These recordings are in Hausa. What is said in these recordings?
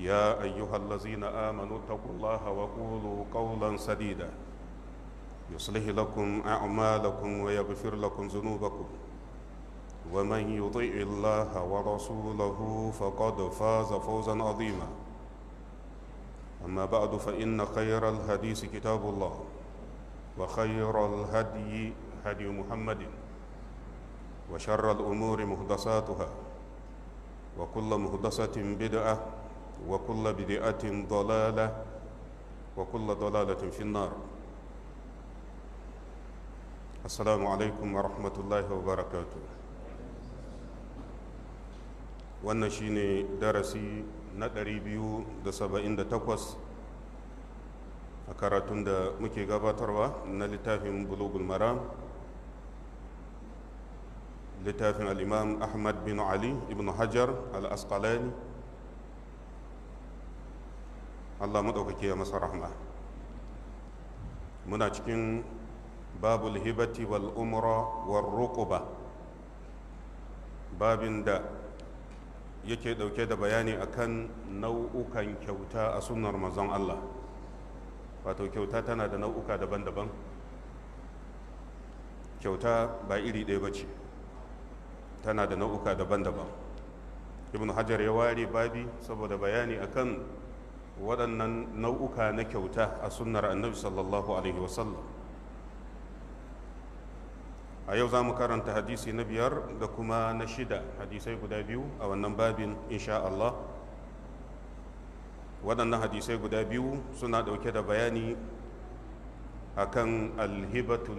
يا أيها الذين آمنوا اتقوا الله وقولوا قولا سديدا يصلح لكم أعمالكم ويغفر لكم ذنوبكم ومن يطع الله ورسوله فقد فاز فوزا عظيما أما بعد فإن خير الحديث كتاب الله وخير الهدي هدي محمد وشر الأمور مهدساتها وكل مهدسة بدعة وكل بدعة ضلالة وكل ضلالة في النار السلام عليكم ورحمة الله وبركاته wannan shine darasi na 278 a karatun da muke gabatarwa na littafin bulugul maram littafin al'imam ahmad bin ali ibn hajar al-asqalani Allah maɗaukaki ya masa rahma muna cikin babul hibati wal umra wal ruquba babin da yake ɗauke da bayani akan nau'ukan kyauta a sunnar manzon Allah wato kyauta tana da nau'uka daban-daban kyauta ba iri ɗaya ba ce tana da nau'uka daban-daban ibn hajar ya ware babi saboda bayani akan waɗannan nau'uka na kyauta a sunnar annabi sallallahu alaihi wasallam a yau za mu karanta hadisi na biyar da kuma na shida hadisai guda biyu a wannan babin insha Allah waɗannan hadisai guda biyu suna ɗauke da bayani akan alhibatu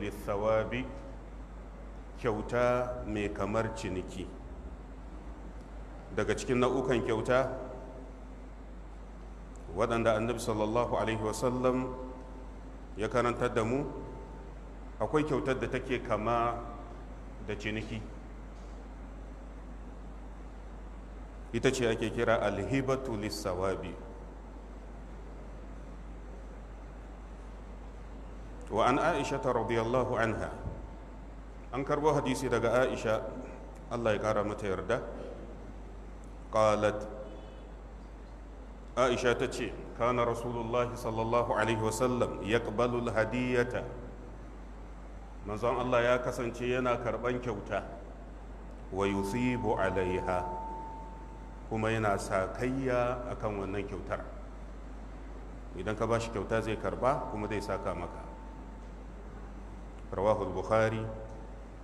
kyauta mai kamar ciniki daga cikin nau'ukan kyauta waɗanda annabi sallallahu alaihi wasallam ya karantar da mu akwai kyautar da take kama da ciniki ita ce ake kira alhibatu lissawabi wa an aisha ta radiyallahu anha an karbo hadisi daga aisha allah ya ƙara mata yarda qalat aisha ta ce kana rasulullahi sallallahu alaihi wasallam ya ƙabalul hadiyata manzon allah ya kasance yana karɓan kyauta wa yusibu alaiha kuma yana sakayya akan wannan kyautar idan ka ba shi kyauta zai karba kuma zai saka maka rawahu bukhari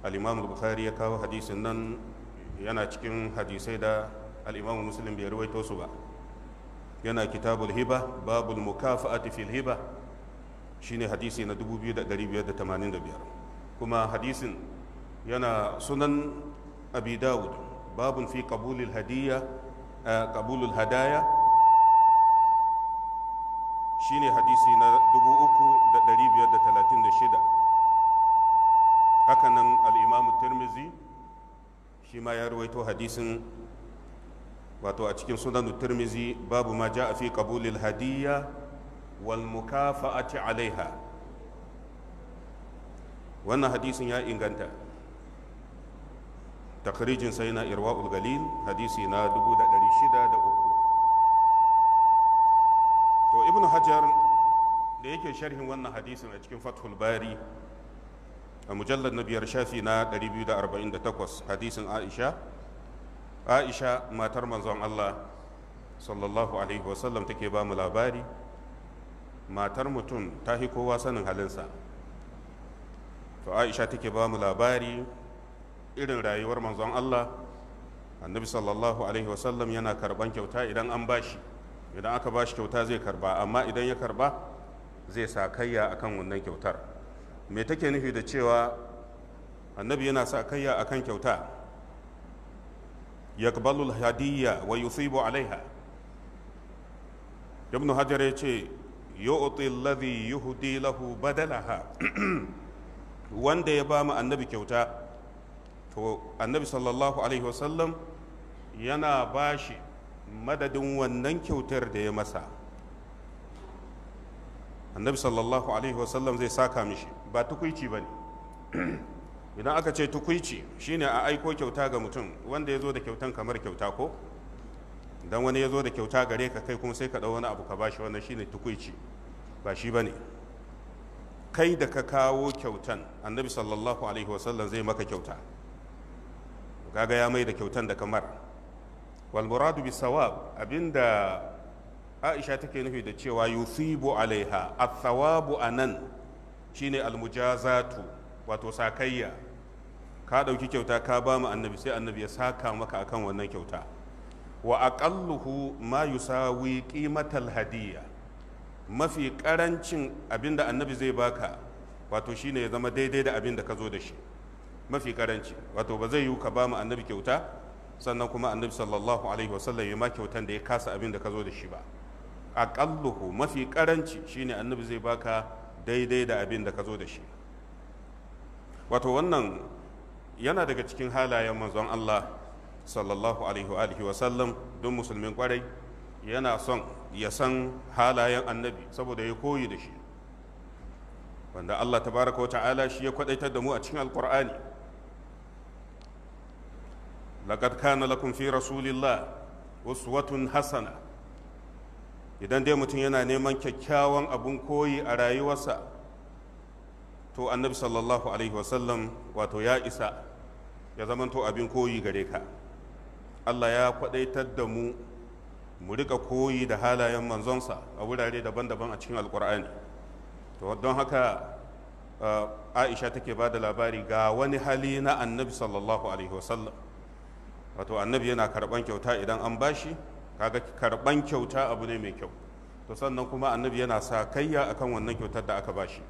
al-imam bukhari ya kawo hadisin nan yana cikin hadisai da al-imam muslim bai ruwaito su ba yana kitabul hiba babul mukafa'ati fil hiba shine hadisi na 2585 kuma hadisin yana sunan abi dawud babun fi qabulil hadiya eh, qabulul hadaya shine hadisi na 3536 hakanan al-imamu tirmizi shi ma ya ruwaito hadisin wato a cikin sunan turmizi babu ma ja a fi kabulil hadiyya wal mukafa'ati alaiha wannan hadisin ya inganta takrijin sai na irwa'ul galil hadisi na 603 to ibn hajar da yake sharhin wannan hadisin a cikin fathul bari a mujallar na biyar shafi na 248 hadisin aisha aisha matar manzon allah sallallahu alaihi wasallam take ba mu labari matar mutum ta fi kowa sanin halinsa to aisha take ba mu labari irin rayuwar manzon allah annabi sallallahu alaihi wasallam yana karban kyauta idan an bashi idan aka bashi kyauta zai karba amma idan ya karba zai sa kayya akan wannan kyautar me take nufi da cewa annabi yana sa kayya akan kyauta yaqbalu hadiyya wa yusibu alaiha ibn hajar ya ce yu'ti alladhi yuhdi lahu badalaha wanda ya ba mu annabi kyauta to annabi sallallahu alaihi wasallam yana ba shi madadin wannan kyautar da ya masa annabi sallallahu alaihi wasallam zai saka mishi ba tukuici ba ne idan aka ce tukuici shine a aiko kyauta ga mutum wanda ya zo da kyautan kamar kyauta ko don wani ya zo da kyauta gare ka kai kuma sai ka ɗau wani abu ka bashi wannan shine tukuici ba shi ba ne kai da ka kawo kyautan annabi sallallahu alaihi wasallam zai maka kyauta kaga ya mai da kyautan da kamar wal muradu sawab abinda aisha take nufi da cewa yusibu alaiha at a nan shine al mujazatu wato sakayya ka ɗauki kyauta ka ba mu annabi sai annabi ya saka maka akan wannan kyauta wa aƙalluhu ma yusawi ƙimatal hadiyya mafi abin abinda annabi zai baka wato shi ne ya zama daidai da abinda ka zo da shi mafi ƙaranci wato ba zai yiwu ka ba mu annabi kyauta sannan kuma annabi sallallahu alaihi wasallam ya ma kyautan da ya kasa abinda ka zo da shi ba aƙalluhu mafi ƙaranci shi ne annabi zai baka daidai da abin da ka zo da shi wato wannan yana daga cikin halayen manzon Allah sallallahu alaihi wa alihi wa sallam don musulmin kwarai yana son ya san halayen annabi saboda ya koyi da shi wanda Allah tabaraka wa ta'ala shi ya kwadaitar da mu a cikin alkur'ani laqad kana lakum fi rasulillah uswatun hasana idan dai mutum yana neman kyakkyawan abun koyi a rayuwarsa to annabi sallallahu alaihi wasallam wato ya isa ya zamanto abin koyi gare ka allah ya kwadaitar da mu mu rika koyi da halayen manzonsa a wurare daban-daban a cikin alkur'ani to don haka aisha take ba da labari ga wani hali na annabi sallallahu alaihi wasallam wato annabi yana karban kyauta idan an bashi kaga karban kyauta abu ne mai kyau to sannan kuma annabi yana sa kayya akan wannan kyautar da aka bashi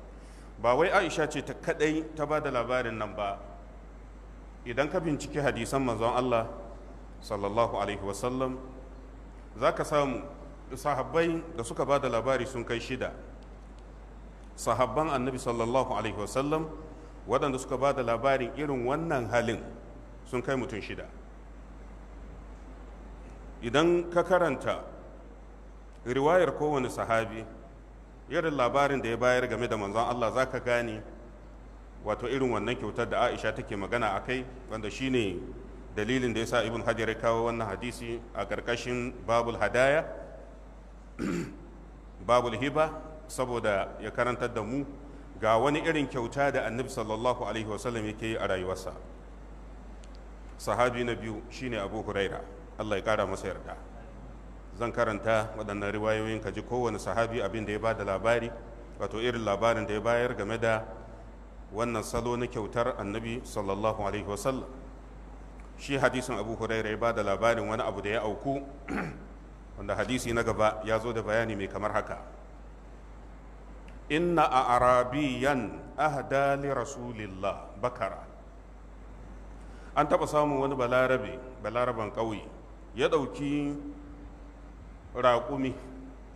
ba wai aisha ce ta kadai ta ba da labarin nan ba idan ka binciki hadisan manzon allah sallallahu alaihi wasallam za ka samu sahabbai da suka ba da labari sun kai shida sahabban annabi sallallahu alaihi wasallam waɗanda suka ba da labarin irin wannan halin sun kai mutum shida idan ka karanta riwayar kowane sahabi irin labarin da ya bayar game da manzon Allah za ka gane wato irin wannan kyautar da aisha take magana a kai wanda shine dalilin da ya sa ibn hajar ya kawo wannan hadisi a ƙarƙashin babul hadaya babul hiba saboda ya karantar da mu ga wani irin kyauta da annabi sallallahu alaihi wasallam yake yi a rayuwarsa sahabi na biyu shine abu huraira allah ya ƙara masa yarda zan karanta waɗannan riwayoyin ka ji kowane sahabi abin da ya ba da labari wato irin labarin da ya bayar game da wannan salo na kyautar annabi sallallahu alaihi wasallam shi hadisin abu huraira ya ba da labarin wani abu da ya auku wanda hadisi na gaba ya zo da bayani mai kamar haka inna a arabiyan ahda li rasulillah bakara an taɓa samun wani balarabe ƙauye ya ɗauki raƙumi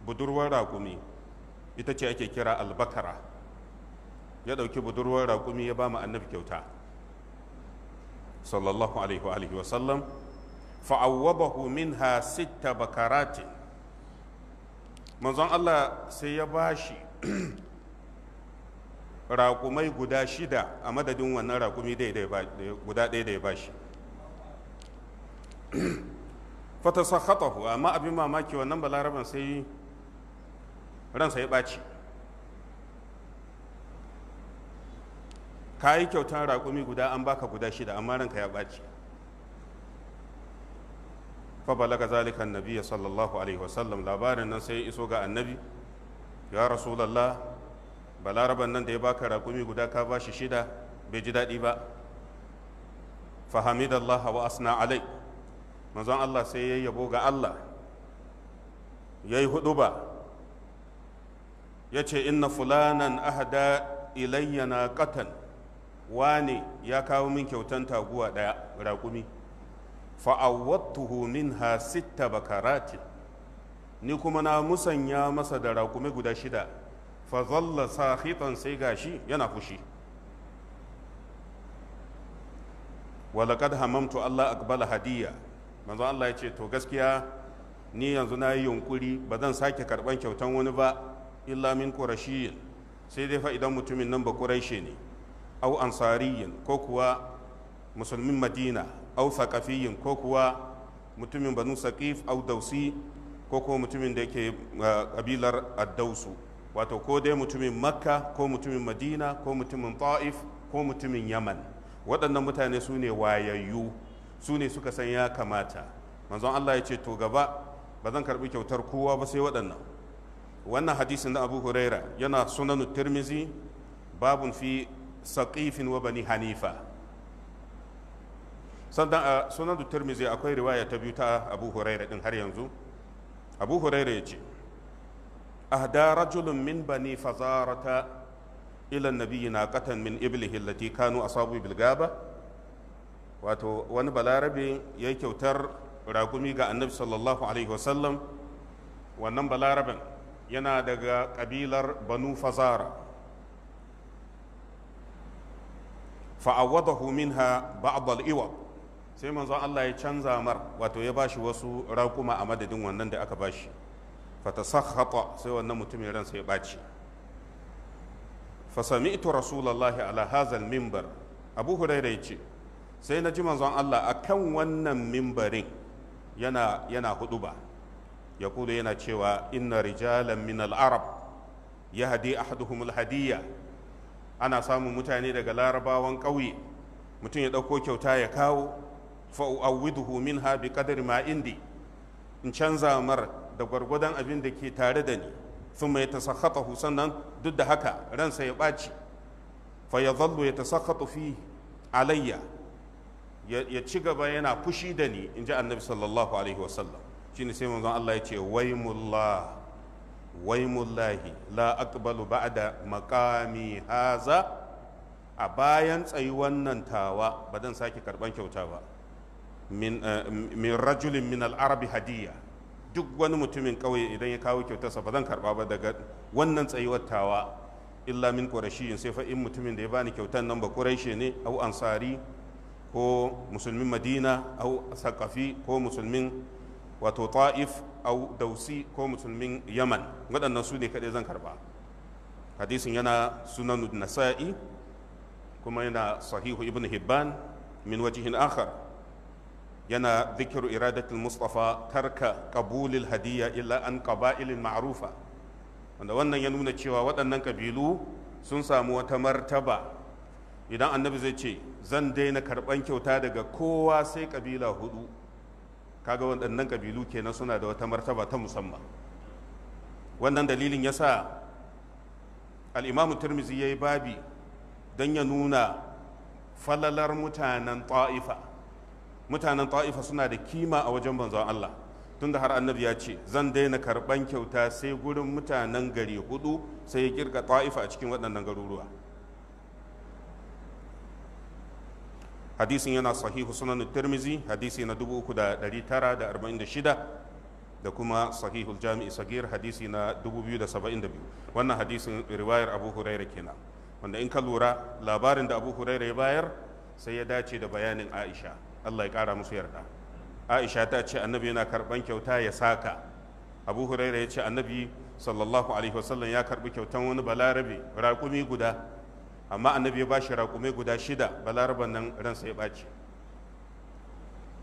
budurwar raƙumi ita ce ake kira albakara ya ɗauki budurwar raƙumi ya ba mu annabi kyauta sallallahu alaihi wa sallam fa'awwabahu minha sitta bakaratin manzon Allah sai ya ba shi raƙumai guda shida a madadin wannan raƙumi guda ɗaya da ya ba shi fata sakhatahu amma abin mamaki wannan balaraban sai ransa ya ɓaci ka yi kyautar raƙumi guda an baka guda shida amma ranka ya ɓaci fa balaga zalika annabi sallallahu alaihi wasallam labarin nan sai iso ga annabi ya rasulullah balaraban nan da ya baka raƙumi guda ka bashi shida bai ji daɗi ba fahamidallah wa asna alai manzon Allah sai ya yabo ga Allah ya yi huduba ya ce inna fulanan ahada ilayyana katan wane ya kawo min kyautan taguwa ɗaya raƙumi fa'awattuhu minha sitta bakarati ni kuma na musanya masa da raƙumi guda shida fa zalla sahitan sai gashi yana fushi ولقد hamamtu Allah أقبل hadiyya. manzo Allah ya ce to gaskiya ni yanzu na yi yunkuri ba zan sake karban kyautan wani ba illa min qurashiyin sai dai fa idan mutumin nan ba quraishe ne au ansariyin ko kuwa musulmin madina au saqafiyin ko kuwa mutumin banu saqif au dausi ko kuwa mutumin da yake kabilar uh, addausu wato ko dai mutumin makka ko mutumin madina ko mutumin ta'if ko mutumin yaman waɗannan mutane su ne wayayyu su ne suka san ya kamata manzon Allah ya ce to gaba ba zan karbi kyautar kowa ba sai waɗannan wannan hadisin da Abu Huraira yana sunanu Tirmizi babun fi saƙifin wa bani Hanifa sannan a sunanu Tirmizi akwai riwaya ta biyu ta Abu Huraira din har yanzu Abu Huraira ya ce ahda rajulun min bani fazarata ila na naqatan min iblihi allati kanu asabu bil gaba wato wani balarabe ya yi kyautar raƙumi ga annabi sallallahu alaihi wasallam wannan balaraben yana daga kabilar banu fazara fa'awadahu minha ba'd al-iwa sai manzo Allah ya canza mar wato ya bashi wasu raƙuma a madadin wannan da aka bashi fatasakhata sai wannan mutumin ransa ya baci fasami'tu rasulullahi ala hazal minbar abu hurairah yace sai na ji manzon Allah a kan wannan mimbarin yana yana huduba ya kudu yana cewa inna rijalan min al-arab ya hadi ahaduhum al-hadiyya ana samun mutane daga larabawan ƙauye mutum ya ɗauko kyauta ya kawo fa'u'awwiduhu minha bi qadri ma indi in canza mar da gwargwadon abin da ke tare da ni sun mai tasakhatahu sannan duk da haka ransa ya ɓaci fa ya zallu ya tasakhatu fi alayya ya ci gaba yana fushi da ni in ji annabi sallallahu alaihi wasallam ne sai manzon Allah ya ce waimullah waimullahi la aqbalu ba'da maqami haza a bayan tsayi wannan tawa ba dan sake karban kyauta ba eh, min rajulin min al-arabi hadiya duk wani mutumin kauye idan ya kawo kyautarsa ba zan karba ba daga wannan tsayuwar tawa illa min qurashiyin sai fa in mutumin da ya bani kyautar nan ba quraishi ne au ansari ko musulmin madina au sakafi ko musulmin wato ta'if au dausi ko musulmin yaman waɗannan su ne kaɗai zan karba hadisin yana sunan nasa'i kuma yana sahihu ibn hibban min wajihin akhar yana zikiru iradatul mustafa tarka ƙabulil hadiyya illa an ƙaba'ilin ma'rufa wanda wannan ya nuna cewa waɗannan kabilu sun samu wata martaba idan annabi zai ce zan daina karban kyauta daga kowa sai kabila hudu kaga waɗannan kabilu kenan suna da wata martaba ta musamman wannan dalilin yasa al'imamu turmizi ya yi babi don ya nuna falalar mutanen ta'ifa mutanen ta'ifa suna da kima a wajen banzan Allah tunda har annabi ya ce zan daina karɓar kyauta sai gurin mutanen gari hudu sai ya kirga ta'ifa a cikin waɗannan garuruwa hadisin yana sahihu sunan tirmizi hadisi na 3946 da kuma sahihul jami'i sagir hadisi na 2072 wannan hadisin riwayar abu huraira kenan wanda in ka lura labarin da abu huraira ya bayar sai ya dace da bayanin aisha allah ya kara musu yarda aisha ta ce annabi yana karban kyauta ya saka abu huraira ya ce annabi sallallahu alaihi wasallam ya karbi kyautan wani balarabe raƙumi guda amma annabi ya bashi raƙumai guda shida balaraban nan ran sai ɓaci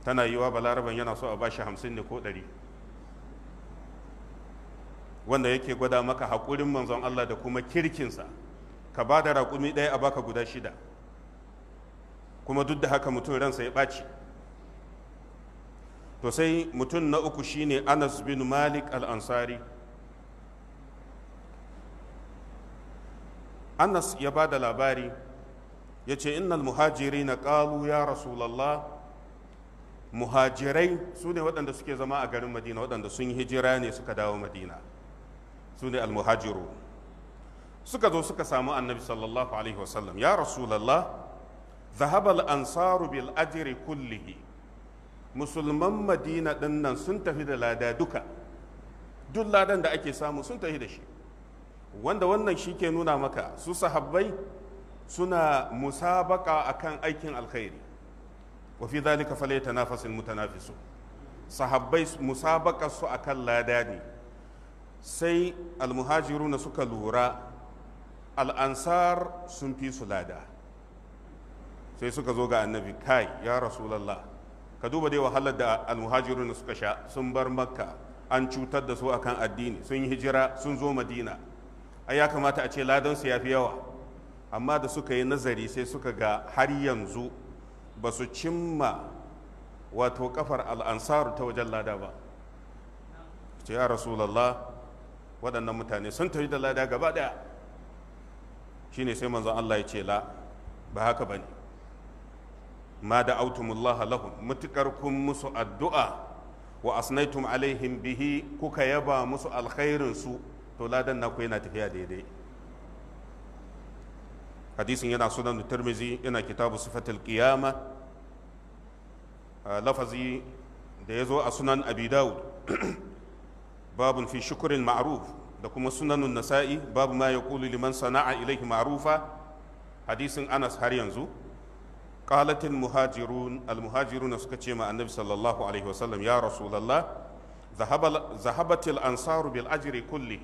tana yiwa balaraban yana so a bashi hamsin ne ko ɗari wanda yake gwada maka haƙurin manzon Allah da kuma kirkinsa ka ba da raƙumi ɗaya a baka guda shida kuma duk da haka mutum ransa ya ɓaci to sai mutum na uku shine anas bin malik al-ansari anas ya ba da labari ya ce innal muhajiri na ƙalu ya rasulallah muhajirai su ne waɗanda suke zama a garin madina waɗanda sun yi hijira ne suka dawo madina su ne almuhajiru suka zo suka samu annabi sallallahu alaihi wasallam ya rasulallah zahabal ansaru bil ajri kullihi musulman madina ɗin nan sun tafi da lada duka duk ladan da ake samu sun tafi da shi wanda wannan shi ke nuna maka su sahabbai suna musabaka akan aikin alkhairi wa fi zalika falyatanafasul mutanafisu sahabbai musabaka su akan lada ne sai almuhajiruna suka lura al'ansar sun fi su lada sai suka zo ga annabi kai ya rasulallah ka duba dai wahalar da almuhajirun suka sha sun bar makka an cutar da su akan addini sun hijira sun zo madina a ya kamata a ce ladansu ya fi yawa amma da suka yi nazari sai suka ga har yanzu ba su cimma wato kafar al'ansaru ta wajen lada ba ce ya rasulallah waɗannan mutane sun tafi da lada gaba ɗaya shi ne sai manzon Allah ya ce la ba haka ba ne ma da autumullaha lahum mutukar kun musu addu'a wa asnaitum alaihim bihi kuka yaba musu alkhairinsu su to ladan naku yana tafiya daidai hadisin yana sunan tirmizi yana kitabu sifatul qiyama ah, lafazi da ya zo a sunan abi dawud babun fi shukurin ma'ruf da kuma sunanun nasa'i babu ma ya kulu liman sana'a ilaihi ma'rufa hadisin anas har yanzu qalatil muhajirun al muhajiruna suka ce ma annabi sallallahu alaihi wasallam ya rasulullah zahabatil ansaru bil ajiri kulli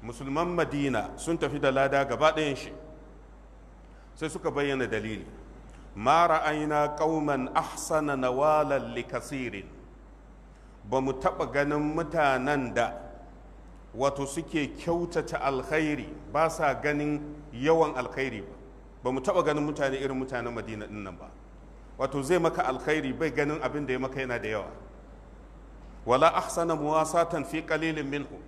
musulman madina sun tafi da lada gaba ɗayan shi sai suka bayyana dalili ma ra'ayina ƙauman ahsana nawalan kasirin. ba mu taɓa ganin mutanen da wato suke kyautata alkhairi ba sa ganin yawan alkhairi ba ba mu taɓa ganin mutane irin mutanen madina ɗin nan ba wato zai maka alkhairi bai ganin abin da ya maka yana da yawa wala ahsana muwasatan fi qalilin minhu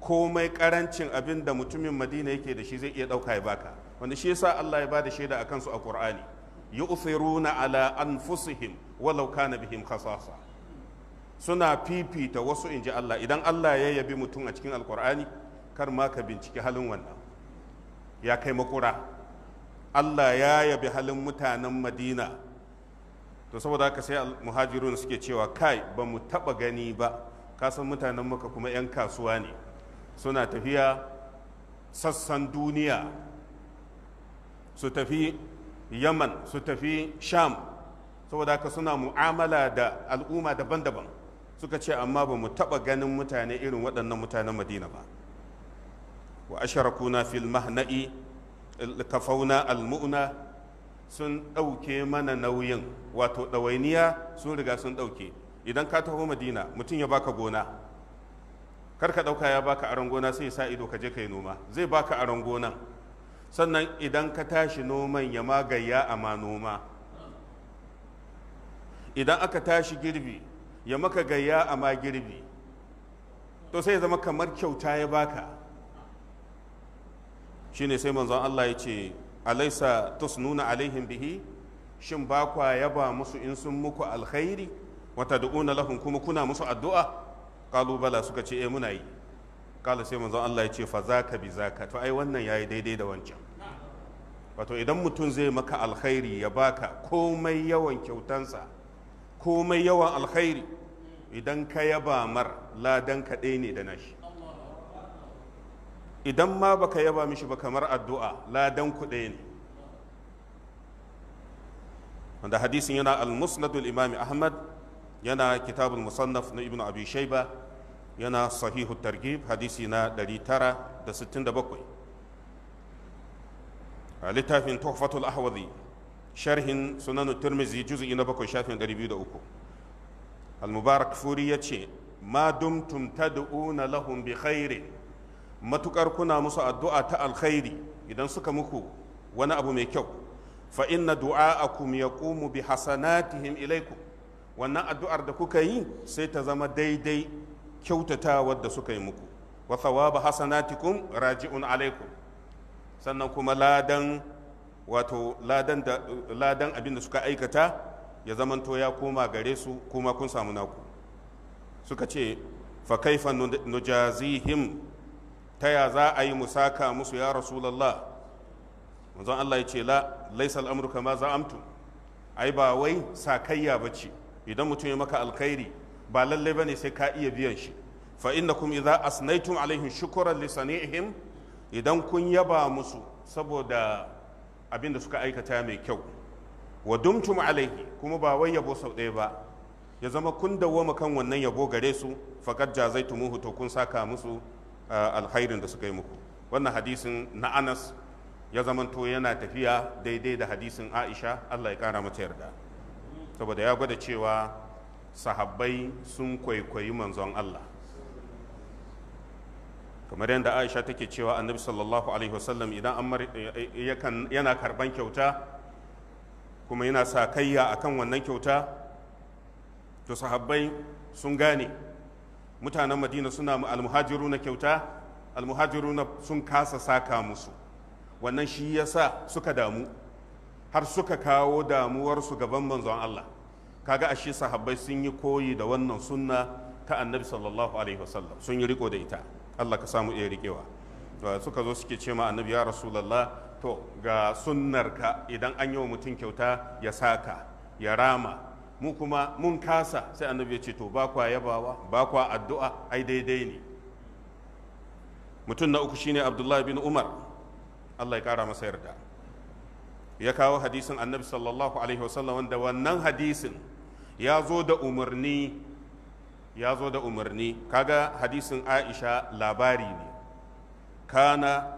komai karancin abin da mutumin madina yake da shi zai iya ɗauka ya baka wanda shi yasa Allah ya ba da shaida a kansu a Qur'ani yu'thiruna ala anfusihim walau kana bihim khasasa suna fifita wasu inji Allah idan Allah ya yabi mutum a cikin alkur'ani kar ma ka binciki halin wannan ya kai makura Allah ya yabi halin mutanen Madina to saboda haka sai muhajirun suke cewa kai ba mu taba gani ba kasan mutanen maka kuma 'yan kasuwa ne suna tafiya sassan duniya su tafi yaman su tafi sham saboda haka suna mu'amala da al'umma daban-daban suka ce amma ba mu taɓa ganin mutane irin waɗannan mutanen madina ba wa asharakuna fil mahna'i kafauna almu'na sun ɗauke mana nauyin wato ɗawainiya sun riga sun ɗauke idan ka taho madina mutum ya baka gona kar ka ɗauka ya baka aron gona sai ya sa ido ka je ka yi noma zai baka aron gona sannan idan ka tashi noman ya magaya a ma noma idan aka tashi girbi ya maka gayya a ma girbi to sai ya zama kamar kyauta ya baka shine sai manzon Allah ya ce alaisa tusnuna alaihim bihi shin bakwa ya ba musu in sun muku alkhairi wata da'una lahum kuma kuna musu addu'a kalubala suka ce eh muna yi kala sai manzon Allah ya ce fa zaka bi zaka to ai wannan yayi daidai da wancan wato idan mutum zai maka alkhairi ya baka komai yawan kyautansa komai yawan alkhairi idan ka yaba mar ladan kaɗai ne da nashi idan ma baka yaba mishi ba kamar addu'a ladan kuɗe ne wanda hadisin yana al-musnadul imami ahmad yana kitabul musannaf na ibnu abi shaiba yana sahihu targhib hadisi na 967 a littafin tuhfatul ahwazi sharhin sunan tirmizi juz'i na 7 shafin 203 al-mubarak furi yace ma dumtum tad'una lahum bi khairin matukar kuna musu addu'a ta alkhairi idan suka muku wani abu mai kyau fa inna du'a'akum yaqumu bi hasanatihim ilaykum wannan addu'ar da kuka yi sai ta zama daidai kyautata da suka yi muku wa thawaba hasanatikum raji'un alaikum sannan kuma ladan wato ladan da abin da suka aikata ya zamanto ya koma gare su kuma kun samu naku suka ce fa kaifa nujazihim ta ya za a yi musaka musu ya rasulullah manzon Allah ya ce la laisal amru kama za'amtu ai ba wai sakayya bace idan mutum ya maka alkhairi ba lallai bane sai ka iya biyan shi fa kuma idza asnaytum alaihim shukran li sani'ihim idan kun yaba musu saboda abin da suka aikata mai kyau wa dumtum alaihi kuma ba wai yabo sau ɗaya ba ya zama kun dawwama kan wannan yabo gare su faqad jazaitumuhu to kun saka musu ah, alkhairin da suka yi muku wannan hadisin na Anas ya zamanto yana tafiya daidai da hadisin Aisha Allah ya kara mata yarda saboda ya gwada cewa sahabbai sun kwaikwayi manzon Allah kamar yadda aisha take cewa annabi sallallahu alaihi wasallam idan eh, eh, yana karban kyauta kuma yana sa kayya akan wannan kyauta to sahabbai sun gane mutanen madina suna almuhajiru na kyauta almuhajiru sun kasa saka musu wannan shi yasa suka damu har suka kawo damuwarsu gaban manzon Allah kaga ashe sahabbai sun yi koyi da wannan sunna ta annabi sallallahu alaihi wasallam sun yi riko da ita Allah ka samu iya rikewa suka zo suke ce ma annabi ya rasulullah to ga sunnarka idan an yi wa mutum kyauta ya saka ya rama mu kuma mun kasa sai annabi ya ce to ba kwa yabawa ba kwa addu'a ai daidai ne mutum na uku shine abdullahi bin umar Allah ya kara masa yarda ya kawo hadisin annabi sallallahu alaihi wasallam wanda wannan hadisin ya zo da umarni ya zo da umarni kaga hadisin aisha labari ne kana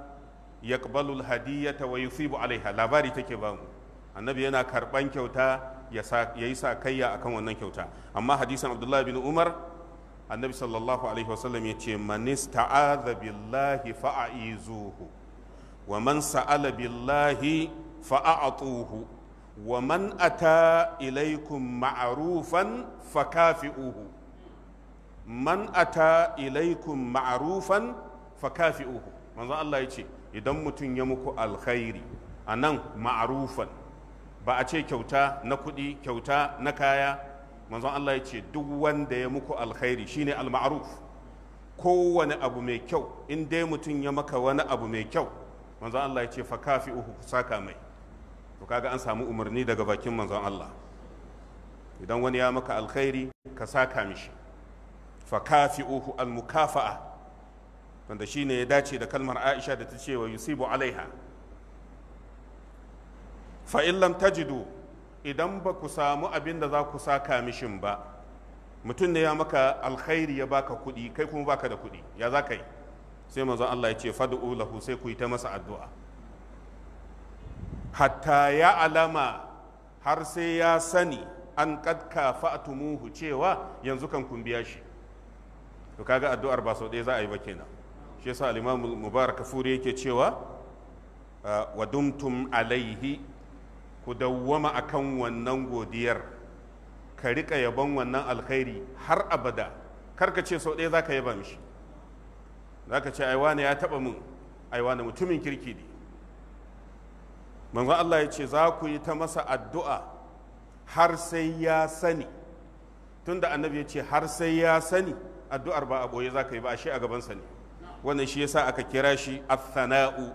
yaqbalul hadiyata wa yusibu alaiha labari take ba mu annabi yana karban kyauta ya yi sakayya akan wannan kyauta amma hadisin abdullahi bin umar annabi sallallahu alaihi wasallam ya ce man ista'adha billahi fa'aizuhu wa man sa'ala billahi fa'a'atuhu wa man ata ilaikum ma'arufan fakafi'uhu man ata ilaikum ma'arufan fakafi'uhu manzo Allah ya ce idan mutum ya muku alkhairi a nan ma'arufan ba a ce kyauta na kuɗi kyauta na kaya manzon Allah ya ce duk wanda ya muku alkhairi shine al-ma'ruf kowane abu mai kyau in dai mutum ya maka wani abu mai kyau manzon Allah ya ce fa kafi uhu saka mai to kaga an samu umarni daga bakin manzon Allah idan wani ya maka alkhairi ka saka mishi fa kafi'uhu almukafa'a wanda shine ya dace da kalmar Aisha da ta ce wa yusibu alaiha fa in lam tajidu idan ba ku samu abin da za ku saka mishin ba mutum ne ya maka alkhairi ya baka kuɗi kai kuma baka da kuɗi ya za ka yi sai manzon Allah ya ce fad'u lahu sai ku yi ta masa addu'a hatta ya alama har sai ya sani an kadka fa'atumuhu cewa yanzu kan kumbiya shi to kaga addu'ar ba sau ɗaya za a yi ba kenan shi yasa al-imam mubarak kafuri yake cewa ah, wa dumtum alaihi ku dawwama akan wannan godiyar ka rika yabon wannan alkhairi har abada kar ka ce sau ɗaya za ka yaba mishi za ka ce aiwa ya taɓa mun aiwa mutumin kirki ne manzo Allah ya ce za ku yi ta masa addu'a har sai ya sani tunda annabi ya ce har sai ya sani addu'ar ba a boye za ka yi ba shi a gabansa ne wannan shi yasa aka kira shi athana'u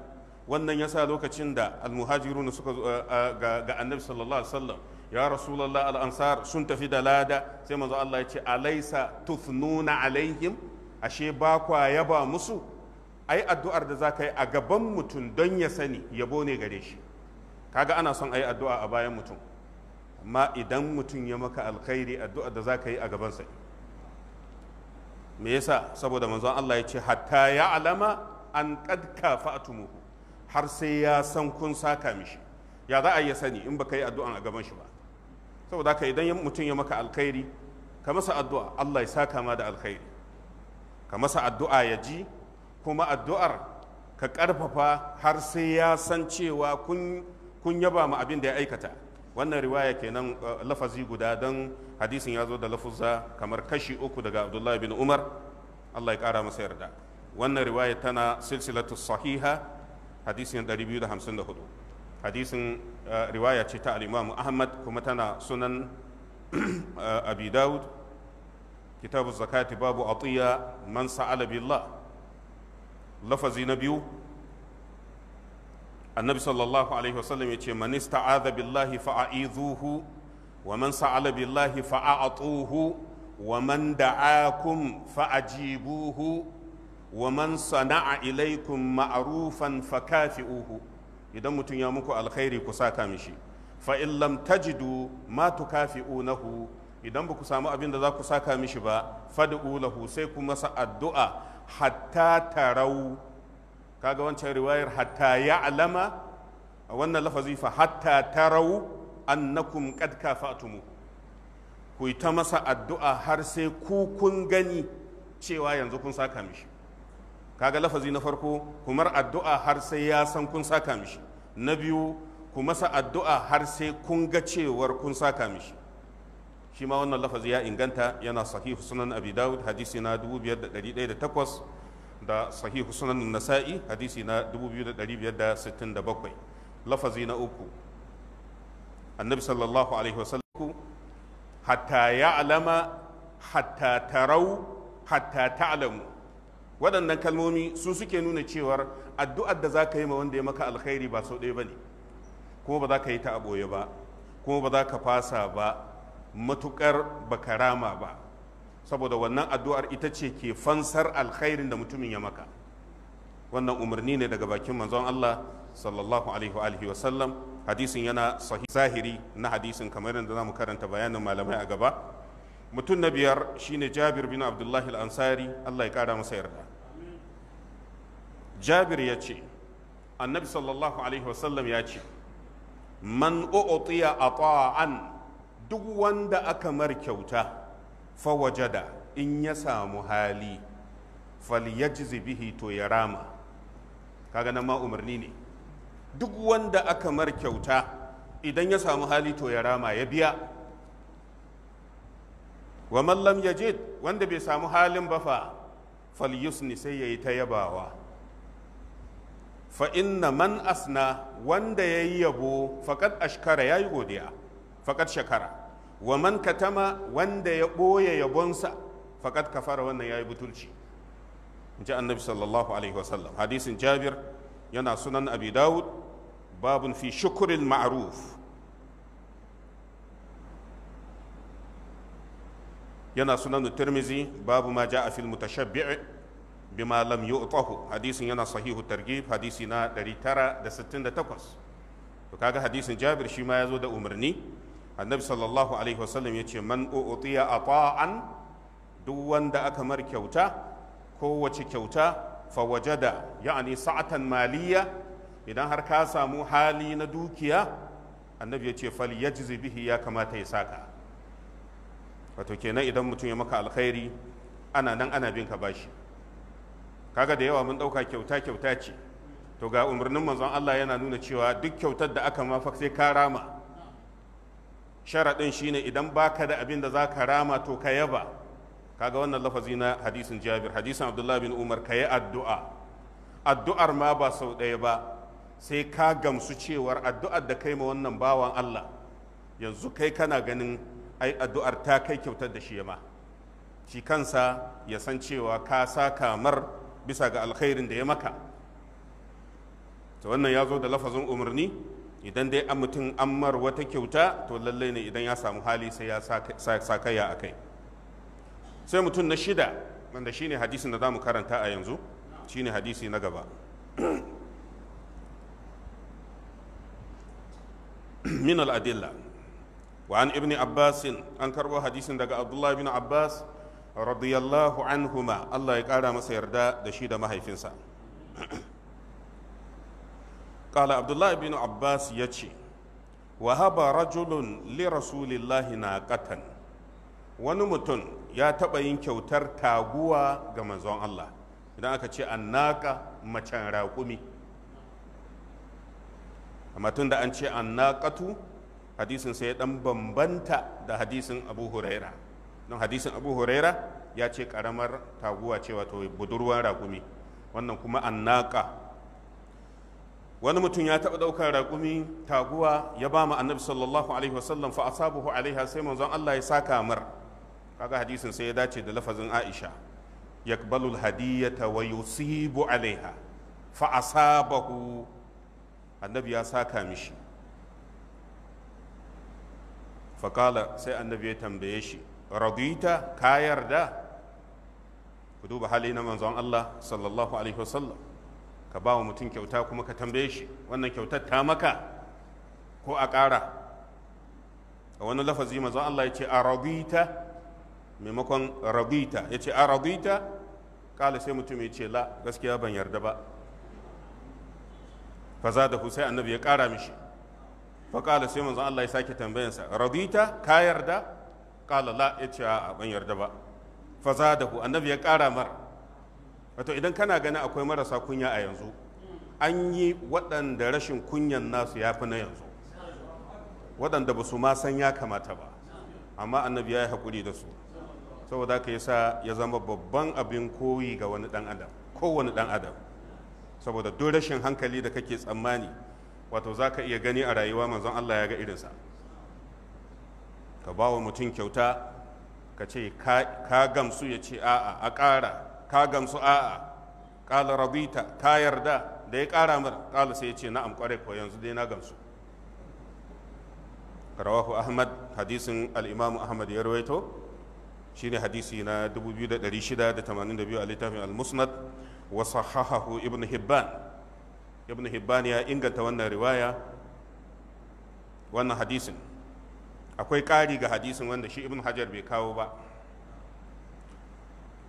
wannan yasa lokacin da almuhajiruna suka eh, eh, ga annabi sallallahu alaihi wasallam ya rasulullah al sun tafi da lada sai manzo Allah ya ce alaisa tufnuna alaihim ashe ba kwa yaba musu ai addu'ar da za ka yi a gaban mutum don ya sani yabo ne gare shi kaga ana son a yi addu'a a bayan mutum amma idan mutum ya maka alkhairi addu'a da za ka yi a gabansa me yasa saboda manzon Allah ya ce hatta ya alama an qad kafa'tumuhu har sai ya san kun saka mishi ya za a iya sani in baka yi addu'an a gaban shi ba saboda haka idan mutum ya maka alkhairi ka masa addu'a Allah ya saka ma da alkhairi ka masa addu'a ya ji kuma addu'ar ka ƙarfafa har sai ya san cewa kun kun yaba mu abin da ya aikata wannan riwaya kenan uh, lafazi guda don hadisin ya zo da lafuzza kamar kashi uku daga abdullahi bin umar allah ya kara masa yarda wannan riwaya tana silsilatu sahiha hadisin 254 hadisin uh, riwaya ce ta alimamu ahmad kuma tana sunan uh, abi dawud kitabu zakati babu atiya man sa'ala billah lafazi na biyu annabi sallallahu alaihi wasallam ya ce manista ista'adha billahi fa'a'izuhu wa man sa'ala billahi fa'a'tuhu wa man da'akum fa'ajibuhu wa man sana'a ilaikum ma'rufan fakafi'uhu idan mutum ya muku alkhairi ku saka mishi fa in lam tajidu ma tukafi'unahu idan baku samu abin da za ku saka mishi ba fad'u lahu sai kuma masa addu'a hatta tarau kaga wancan riwayar hatta ya alama a wannan lafazi fa hatta tarau annakum qad kafatumu ku ta masa addu'a har sai ku kun gani cewa yanzu kun saka mishi kaga lafazi na farko kumar addu'a har sai ya san kun saka mishi na biyu ku masa addu'a har sai kun ga cewar kun saka mishi shi ma wannan lafazi ya inganta yana sahihu sunan abi dawud hadisi na 5108 da sahihu sunan nasa'i hadisi na 2567 lafazi na uku annabi sallallahu alaihi wasallam hatta ya alama hatta tarau hatta ta'lamu waɗannan kalmomi su suke nuna cewar addu'ar da za ka yi ma wanda ya maka alkhairi ba sau ɗaya ba ne kuma ba za ka yi ta a ɓoye ba kuma ba za ka fasa ba matuƙar ba karama ba saboda wannan addu'ar ita ce ke fansar alkhairin da mutumin ya maka wannan umarni ne daga bakin manzon Allah sallallahu alaihi wa sallam hadisin yana zahiri na hadisin kamar yadda zamu karanta bayanin malamai a gaba mutum na biyar shine Jabir bin Abdullah al-Ansari Allah ya kara masa yarda Jabir ya ce annabi sallallahu alaihi wa sallam ya ce man u'tiya ata'an duk wanda aka mar kyauta fawajada in ya samu hali falyajzi bihi to ya rama kaga nan ma umarni ne duk wanda aka mar kyauta idan ya samu hali to ya rama ya biya wa mallam yajid wanda bai samu halin ba fa falyusni sai yayi ta yabawa fa inna man asna wanda yi yabo faqad ashkara yayi godiya faqad shekara. wa man katama wanda ya ɓoye yabonsa fakat kafara wannan yi butulci in ji annabi sallallahu alaihi wasallam hadisin jabir yana sunan abi dawud babun fi shukuril ma'ruf yana sunan tirmizi babu ma ja'a fil mutashabbi' bima lam yu'tahu hadisin yana sahihu targhib hadisi na 968 to kaga hadisin jabir shi ma yazo da umarni annabi sallallahu alaihi wasallam ya ce man u'tiya ata'an duk wanda aka mar kyauta kowace kyauta fa wajada ya'ani sa'atan maliya idan har ka samu hali na dukiya annabi ya ce fal yajzi bihi ya kamata ya saka wato kenan idan mutum ya maka alkhairi ana nan ana bin ka bashi kaga da yawa mun dauka kyauta kyauta ce to ga umarnin manzon Allah yana nuna cewa duk kyautar da aka mafa sai ka rama sharaɗin shine idan baka da abin da za ka rama to ka yaba kaga wannan lafazi na hadisin jabir hadisin abdullahi bin umar ka yi addu'a addu'ar ma ba sau ɗaya ba sai ka gamsu cewar addu'ar da kai ma wannan bawan allah yanzu kai kana ganin ai addu'ar ta kai kyautar da shi ma shi kansa ya san cewa ka sa kamar bisa ga alkhairin da ya maka to wannan ya zo da lafazin umarni idan dai an mutum ammar wata kyauta to lallai ne idan ya samu hali sai ya sa a kai sai mutum na shida wanda shine hadisin da za mu karanta a yanzu shine hadisi na gaba min al'adilla wa an ibni abbasin an karbo hadisin daga abdullah ibn abbas radiyallahu anhuma allah ya kara masa yarda da shi da mahaifinsa kala abdullahi bin abbas ya ce wa haba rajulun li rasulillahi na katan wani mutum ya taɓa yin kyautar taguwa ga manzon allah idan aka ce annaka macen raƙumi amma tun da an ce annaqatu hadisin sai ya dan bambanta da hadisin abu huraira don hadisin abu huraira ya ce karamar taguwa ce wato budurwar raƙumi wannan kuma annaka wani mutum ya taɓa ɗaukar raƙumi taguwa ya ba mu annabi sallallahu alaihi wasallam fa asabuhu alaiha sai manzon Allah ya saka mar kaga hadisin sai ya dace da lafazin Aisha yaqbalu alhadiyata wa yusibu alaiha fa asabahu annabi ya saka mishi faƙala sai annabi ya tambaye shi radita ka yarda ku duba hali na manzon Allah sallallahu alaihi wasallam ka ba wa mutum kyauta kuma ka tambaye shi wannan kyautar ta maka ko a ƙara a wani lafazi mazan Allah ya ce a rabita maimakon rabita ya ce a rabita ƙala sai mutum ya ce la gaskiya ban yarda ba faza da sai annabi ya ƙara mishi fa ƙala sai mazan Allah ya sake tambayansa rabita ka yarda ƙala la ya ce a ban yarda ba faza da annabi ya ƙara mara wato idan kana gani akwai marasa kunya a yanzu an yi waɗanda rashin kunyan nasu ya fi na yanzu waɗanda ba su ma san ya kamata ba amma annabi ya yi haƙuri da su saboda yi yasa ya zama babban abin koyi ga wani ɗan adam kowane ɗan adam saboda duk rashin hankali da kake tsammani wato za ka iya gani a rayuwa manzon Allah ya ga irinsa ka ba wa mutum kyauta ka ce ka gamsu ya ce a'a a ƙara ka gamsu a'a qala radita ka yarda da ya kara mar qala sai ya ce na kware ko yanzu dai na gamsu rawahu ahmad hadisin al-imam ahmad ya rawaito shine hadisi na 2682 a littafin al-musnad wa sahahahu ibn hibban ibn hibban ya inganta wannan riwaya wannan hadisin akwai ƙari ga hadisin wanda shi ibn hajar bai kawo ba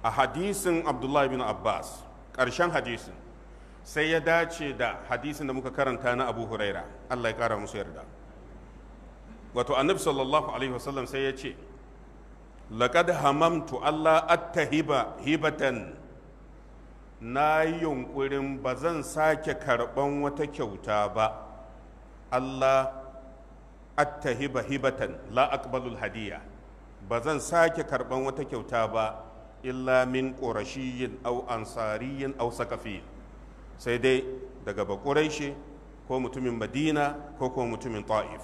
a hadisin abdullahi bin abbas ƙarshen hadisin sai ya dace da hadisin da muka karanta na abu huraira allah ya ƙara musu yarda wato annabi sallallahu alaihi wasallam sai ya ce laƙad hamamtu allah atta hiba hibatan na yi yunƙurin ba zan sake karɓan wata kyauta ba allah atta hiba hibatan la aqbalul hadiya ba zan sake karɓan wata kyauta ba illa min qurashiyyin aw ansariyyin au sakafi sai dai daga shi ko mutumin madina ko ko mutumin ta'if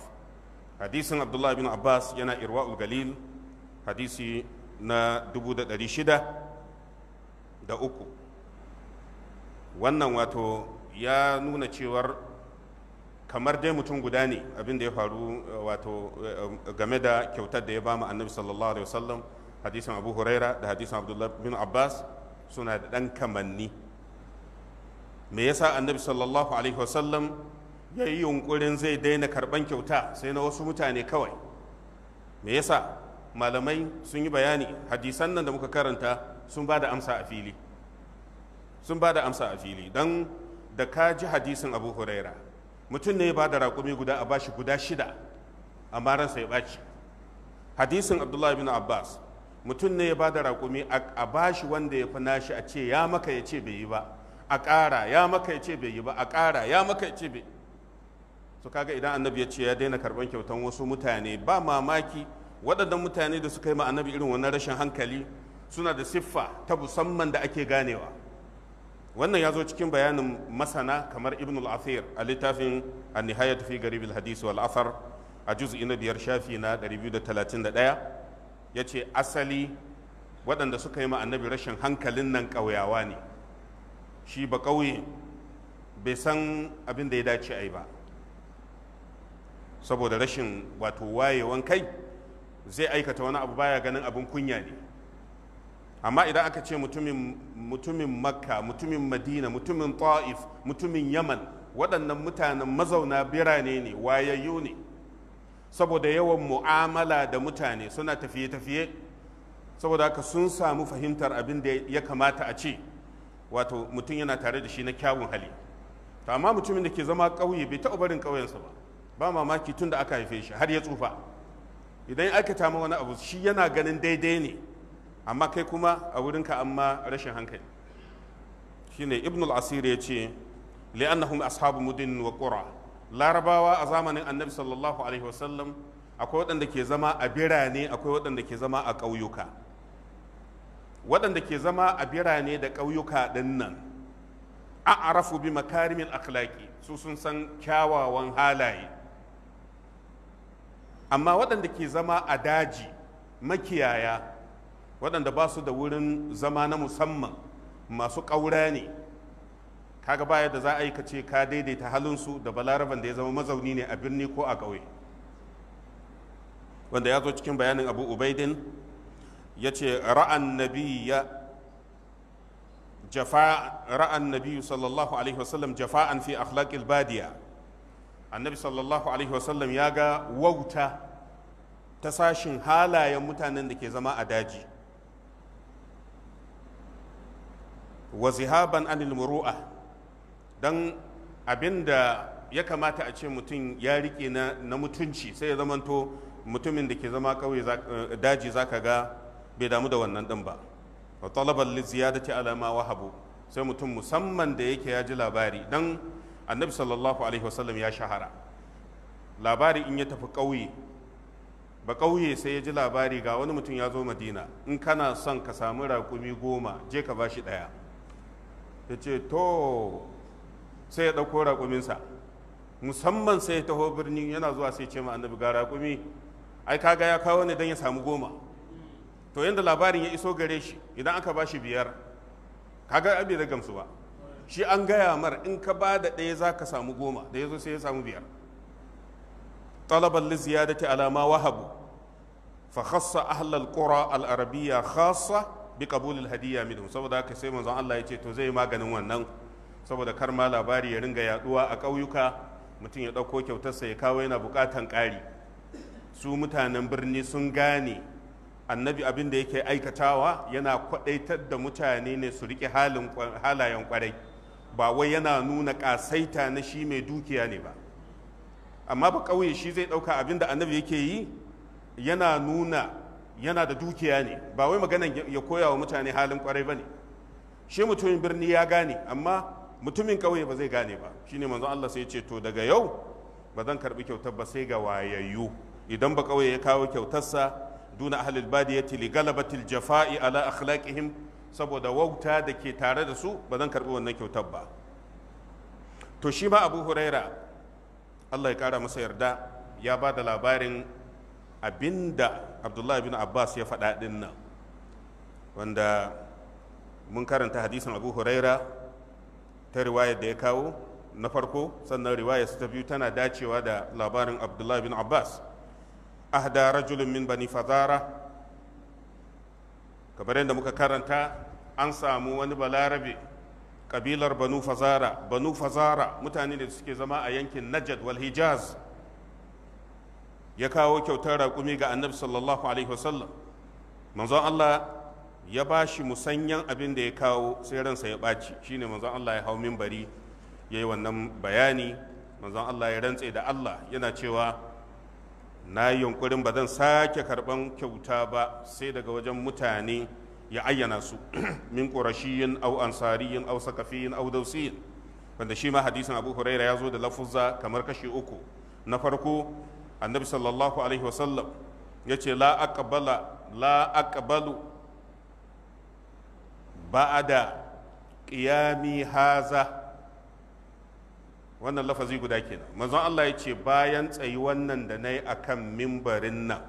hadisin abdullahi bin abbas yana irwa'ul galil hadisi na 600 da uku wannan wato ya nuna cewar kamar dai mutum guda ne abin da ya faru wato eh, eh, game da kyautar da ya ba mu annabi sallallahu alaihi wasallam hadisin abu huraira da hadisin abdullah bin abbas suna da ɗan kamanni me yasa annabi sallallahu alaihi wasallam ya yi yunkurin zai daina karban kyauta sai na wasu mutane kawai me yasa malamai sun yi bayani hadisan nan da muka karanta sun ba da amsa a fili sun ba da amsa a fili don da ka ji hadisin abu huraira mutum ne ya ba da raƙumi guda a bashi guda shida amma ransa ya ɓaci hadisin abdullahi bin abbas mutum ne ya ba da raƙumi a bashi wanda ya fi nashi a ce ya maka ya ce bai yi ba a ƙara ya maka ya ce bai yi ba a ƙara ya maka ya ce bai su kaga idan annabi ya ce ya daina karɓar kyautan wasu mutane ba mamaki waɗannan mutane da suka yi ma annabi irin wannan rashin hankali suna da siffa ta musamman da ake ganewa wannan ya zo cikin bayanin masana kamar ibn al-athir a littafin an-nihayat fi garib al-hadith wal athar a juz'i na biyar shafi na 231 ya ce asali waɗanda suka yi ma'anabi annabi rashin hankalin nan ƙauyawa ne shi ba ƙauye bai san abin da ya dace a yi ba saboda rashin wato wayewan kai zai aikata wani abu baya ganin abin kunya ne amma idan aka ce mutumin makka mutumin madina mutumin ta'if mutumin yaman waɗannan mutanen mazauna birane ne wayayyu ne saboda yawan mu'amala da mutane suna tafiye-tafiye saboda haka sun samu fahimtar abin da ya kamata a ce wato mutum yana tare da shi na kyawun hali to amma mutumin da ke zama ƙauye bai taɓa barin ƙauyensa ba ba mamaki tun da aka haife shi har ya tsufa idan aka tama wani abu shi yana ganin daidai ne amma kai kuma a wurinka amma rashin hankali shine ibnul asir ya ce li'annahum ashabu mudin wa qura larabawa a zamanin annabi sallallahu alaihi wasallam akwai waɗanda ke zama a birane akwai waɗanda ke zama a ƙauyuka waɗanda ke zama a birane da ƙauyuka ɗin nan a arafu bi makarimin akhlaki su sun san kyawawan halaye amma waɗanda ke zama a daji makiyaya waɗanda ba su da wurin zama na musamman masu ƙaura ne kaga baya da za a yi ka ce ka daidaita halinsu da balaraban da ya zama mazauni ne a birni ko a ƙauye wanda ya zo cikin bayanin abu ubaidin ya ce ra'an nabiya jafa ra'an nabiyu sallallahu alaihi wasallam jafa'an fi akhlaqil badiya annabi sallallahu alaihi wasallam ya ga wauta ta sashin halayen mutanen da ke zama a daji wa zihaban anil muru'a don abin da ya kamata a ce mutum ya rike na mutunci sai ya zamanto mutumin da ke zama kawai eh, daji zaka ga bai damu da wannan din ba wa talaban ziyadati alama wahabu sai mutum musamman da yake ya ji labari don annabi sallallahu alaihi wasallam ya shahara labari in ya tafi ƙauye ba kauye sai ya ji labari ga wani mutum ya zo madina in kana son ka samu raƙumi goma je ka ba shi ɗaya ya ce to sai ya ɗauko raƙuminsa musamman sai ya taho birni yana zuwa sai ce ma annabi ga raƙumi ai kaga ya kawo ne don ya samu goma to yadda labarin ya iso gare shi idan aka ba shi biyar kaga abin da gamsu ba shi an gaya mar in ka ba da ɗaya za ka samu goma da ya zo sai ya samu biyar talabar liziya da ta alama wahabu fa khassa ahlal qura al arabiyya khassa bi qabul al hadiyya minhum saboda haka sai manzon Allah ya ce to zai maganin wannan saboda kar ma labari ya ringa yaduwa a ƙauyuka mutum ya ɗauko kyautarsa ya kawo yana buƙatan ƙari su mutanen birni sun gane annabi abin da yake aikatawa yana kwaɗaitar da mutane ne su riƙe halayen ƙwarai ba wai yana nuna ƙasaita na shi mai dukiya ne ba amma ba ƙauye shi zai ɗauka abin da annabi yake yi yana nuna yana da dukiya ne ba wai maganan ya koya wa mutane halin ƙwarai ba ne shi mutumin birni ya gane amma mutumin ƙauye ba zai gane ba shine manzon Allah sai ya ce to daga yau ba zan karbi kyautar ba sai ga wayayyu idan ba ƙauye ya kawo kyautarsa duna ahlul badiyati li galabatil jafa'i ala akhlaqihim saboda wauta da ke tare da su ba zan karbi wannan kyautar ba to shi ma Abu Huraira Allah ya kara masa yarda ya ba da labarin abinda Abdullahi bin Abbas ya faɗa ɗin nan wanda mun karanta hadisin Abu Huraira ta riwayar da ya kawo na farko sannan riwayar ta biyu tana dacewa da labarin abdullahi bin abbas ahda rajulun min bani fazara kamar yadda muka karanta an samu wani balarabe kabilar banu fazara banu fazara mutane da suke zama a yankin najad wal hijaz ya kawo kyautar raƙumi ga annabi sallallahu alaihi wasallam manzon allah ya ba shi musanyan abin da ya kawo sai ransa ya ɓaci shine manzon Allah ya hau minbari ya yi wannan bayani manzon Allah ya rantse da Allah yana cewa na yi yunkurin ba zan sake karɓan kyauta ba sai daga wajen mutane ya ayyana su min ƙorashiyin au ansariyin au sakafiyin au dausiyin wanda shi ma hadisin abu huraira ya zo da lafuzza kamar kashi uku na farko annabi sallallahu alaihi wasallam ya ce la aqbala la aqbalu ba'ada qiyami haza wannan lafazi guda kenan manzon Allah ya ce bayan tsayi wannan da nayi akan mimbarin nan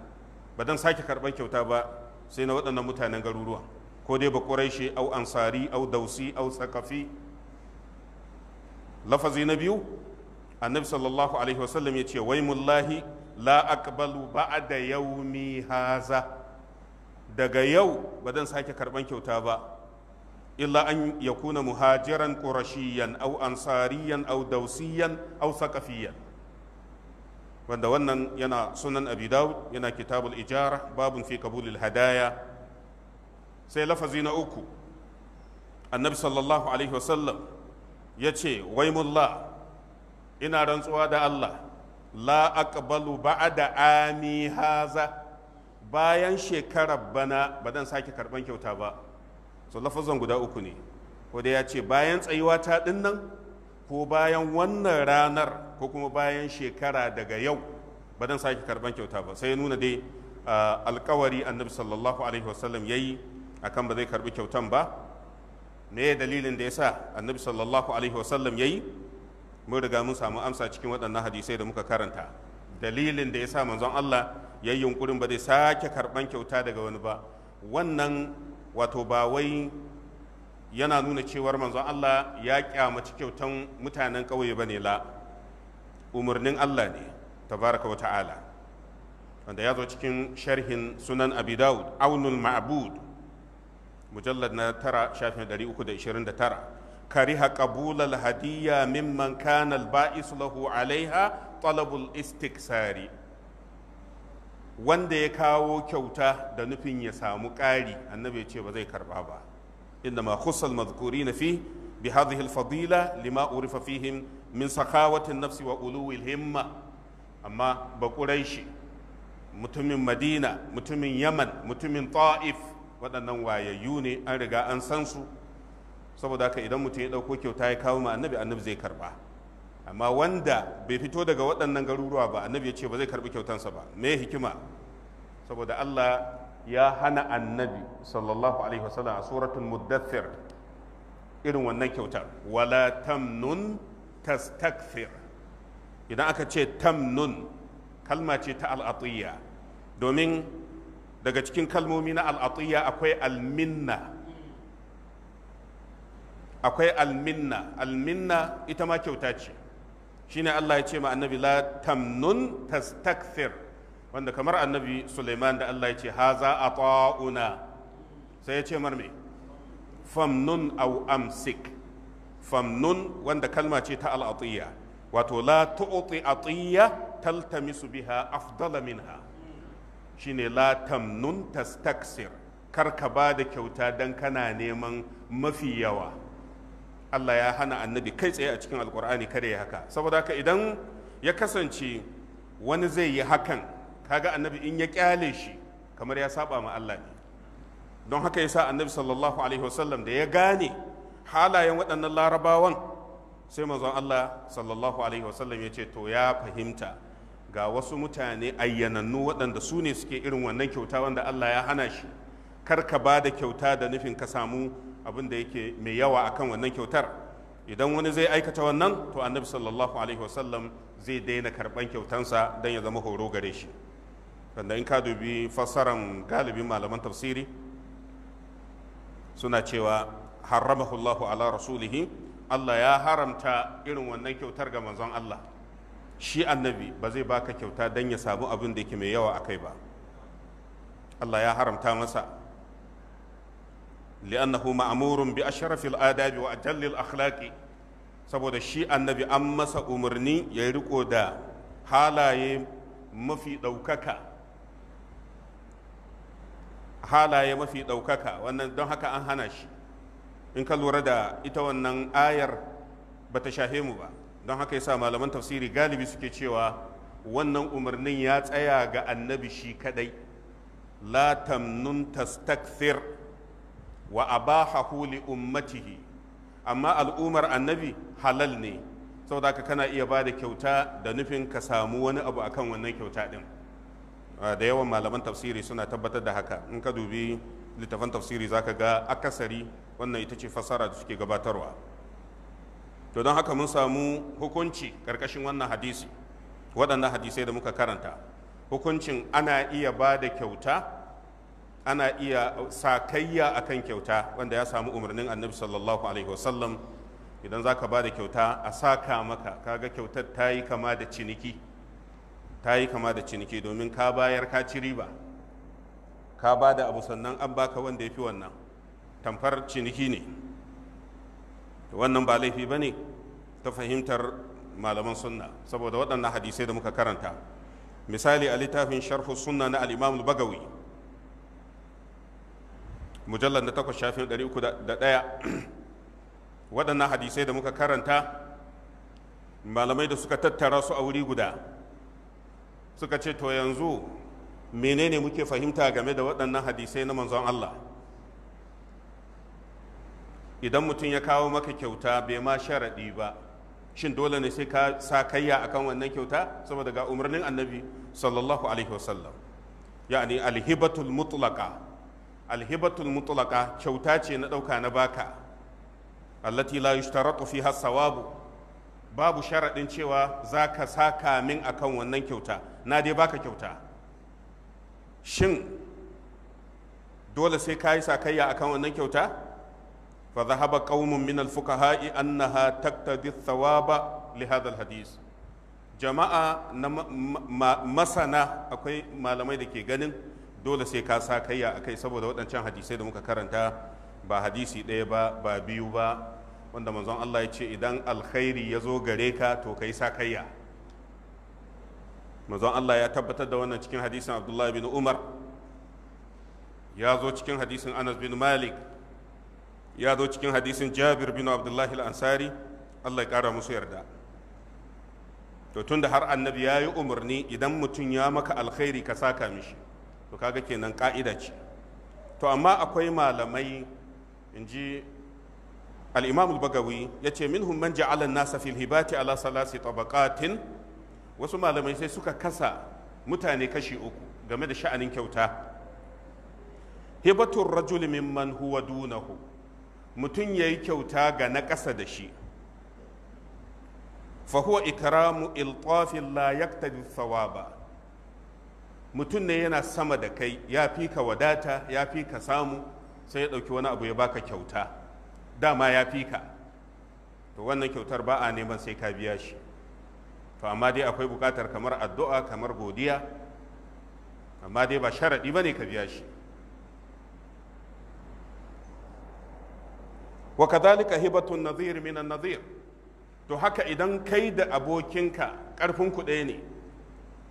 ba dan sake karɓar kyauta ba sai na waɗannan mutanen garuruwa ko dai ba quraishi au ansari au dausi au sakafi lafazi na biyu annabi sallallahu alaihi wasallam ya ce waimullahi la aqbalu ba'ada yaumi haza daga yau ba zan sake karɓar kyauta ba illa an kuna muhajiran ƙurashiyan, au ansariyan aw dausiyan aw saqafiyan wanda wannan yana sunan abi dawud yana kitabul ijara babun fi kabulil hadaya sai lafazi na uku annabi sallallahu alaihi wasallam ya ce waimullah ina rantsuwa da allah la aqbalu ba'da ami haza bayan shekarar bana ba zan sake karban kyauta ba so lafazan guda uku ne ko da ya ce bayan tsayuwa ta dinnan ko bayan wannan ranar ko kuma bayan shekara daga yau ba dan sake karban kyauta ba sai ya nuna dai alkawari annabi sallallahu alaihi wasallam yayi akan ba zai karbi kyautan ba me dalilin da yasa annabi sallallahu alaihi wasallam yayi mun riga mun samu amsa cikin waɗannan hadisai da muka karanta dalilin da yasa manzon Allah yayi yunkurin ba zai sake karban kyauta daga wani ba wannan wato ba wai yana nuna cewar manzon Allah ya kyamaci kyautan mutanen ƙauye ba ne la umarnin Allah ne tabaraka wa ta'ala wanda ya zo cikin sharhin sunan abi daud aunul ma'bud mujallad na tara shafin 329 kariha qabulal hadiyya mimman kana al-ba'is lahu alaiha talabul istiksari wanda ya kawo kyauta da nufin ya samu ƙari annabi ya ce ba zai karba ba inda ma khusal na fi bi hadhihi lima urifa fihim min sakawatin nafsi wa uluwil himma amma ba quraishi mutumin madina mutumin yaman mutumin ta'if waɗannan wayayyu ne an riga an san su saboda haka idan mutum ya dauko kyauta ya kawo ma annabi annabi zai karba amma wanda bai fito daga waɗannan garuruwa ba annabi ya ce ba zai karbi kyautansa ba me hikima saboda Allah ya hana annabi sallallahu alaihi wasallam a suratul muddathir irin wannan kyautar wala tamnun tastakthir idan aka ce tamnun kalma ce ta al'atiyya domin daga cikin kalmomi na al'atiyya akwai alminna akwai alminna alminna ita ma kyauta ce shine Allah ya ce ma annabi la tamnun tastakthir wanda kamar annabi Suleiman da Allah ya ce haza ata'una sai ya ce mar me famnun au amsik famnun wanda kalma ce ta al'atiyya wato la tu'ti atiyya taltamisu biha afdala minha shine la tamnun tastaksir kar ka ba da kyauta dan kana neman mafi yawa Allah ya hana annabi kai tsaye a cikin alkur'ani kare ya haka saboda haka idan ya kasance wani zai yi hakan kaga annabi in ya kyale shi kamar ya saba ma Allah ne don haka yasa annabi sallallahu alaihi wasallam da ya gane halayen waɗannan larabawan sai manzon Allah sallallahu alaihi wasallam ya ce to ya fahimta ga wasu mutane ayyanannu waɗanda su ne suke irin wannan kyauta wanda Allah ya hana shi kar ka ba da kyauta da nufin ka samu abin da yake mai yawa akan wannan kyautar idan wani zai aikata wannan to annabi sallallahu alaihi wasallam zai daina karban kyautansa don ya zama horo gare shi wanda in ka dubi fassaran galibin malaman tafsiri suna cewa haramahu ala rasulihi Allah ya haramta irin wannan kyautar ga manzon Allah shi annabi ba zai baka kyauta don ya samu abin da yake mai yawa a kai ba Allah ya haramta masa li'annahu ma'murun bi ashrafil adabi wa ajallil akhlaqi saboda shi annabi an masa umarni ya riko da halaye mafi ɗaukaka halaye mafi ɗaukaka wannan don haka an hana shi in ka lura da ita wannan ayar ba ta shahe mu ba don haka yasa malaman tafsiri galibi suke cewa wannan umarnin ya tsaya ga annabi shi kadai la tamnun tastakthir wa abahahu li ummatihi amma al'umar annabi halal ne saboda haka kana iya bada kyauta da nufin ka samu wani abu akan wannan kyauta din ah, da yawan malaman tafsiri suna tabbatar da haka in ka dubi littafan tafsiri zaka ga akasari wannan ita ce fasara da suke gabatarwa to don haka mun samu hukunci karkashin wannan hadisi waɗannan hadisai da muka karanta hukuncin ana iya bada kyauta ana iya sakayya a kan kyauta wanda ya samu umarnin annabi sallallahu alaihi wasallam idan za ka ba da kyauta a saka maka kaga kyautar ta yi kama da ciniki ta yi kama da ciniki domin ka bayar ka ci riba ka ba da abu sannan an baka wanda ya fi wannan tamfar ciniki ne wannan ba laifi ba ne ta fahimtar malaman sunna saboda waɗannan hadisai da muka karanta misali a littafin sharhu sunna na al-imam al-bagawi mujallar na takwas shafin ɗaya waɗannan hadisai da muka karanta malamai da suka tattara su a wuri guda suka ce to yanzu menene muke fahimta game da waɗannan hadisai na manzon Allah idan mutum ya kawo maka kyauta bai ma sharaɗi ba shin dole ne sai ka sa kayya akan wannan kyauta saboda ga umarnin annabi sallallahu alaihi wasallam ya'ani alhibatul mutlaka alhibatul mutlaka kyauta ce na ɗauka na baka allati la yushtaratu fiha sawabu babu sharaɗin cewa za ka saka min kan wannan kyauta na dai baka kyauta shin dole sai ka yi sakayya akan wannan kyauta fa zahaba qaumun min al-fuqaha'i annaha taqtadi thawaba li hadha al jama'a na masana akwai malamai da ke ganin dole sai ka sa kayya a kai saboda waɗancan hadisai da muka karanta ba hadisi ɗaya ba ba biyu ba wanda manzon Allah ya ce idan alkhairi ya zo gare ka to kai sa kayya manzon Allah ya tabbatar da wannan cikin hadisin Abdullahi bin Umar ya zo cikin hadisin Anas bin Malik ya zo cikin hadisin Jabir bin Abdullahi al-Ansari Allah ya ƙara musu yarda to tun da har annabi ya yi umarni idan mutum ya maka alkhairi ka saka mishi to kaga kenan ka'ida ce to amma akwai malamai in ji al bagawi yace minhum man ja'ala nasa fil hibati ala salasi tabaqatin wasu malamai sai suka kasa mutane kashi uku game da sha'anin kyauta hibatul rajuli mimman huwa dunahu mutum yayi kyauta ga na ƙasa da shi fa huwa ikramu iltafin la yaqtadi thawaba mutum ne yana sama da kai ya fi ka wadata ya fi ka samu sai ya ɗauki wani abu ya baka kyauta dama ya fi ka to wannan kyautar ba a neman sai ka biya shi to amma dai akwai buƙatar kamar addu'a kamar godiya amma dai ba sharaɗi ba ne ka biya shi wa kadhalika hibatun nazir min nazir to haka idan kai da abokinka ƙarfin ku ɗaya ne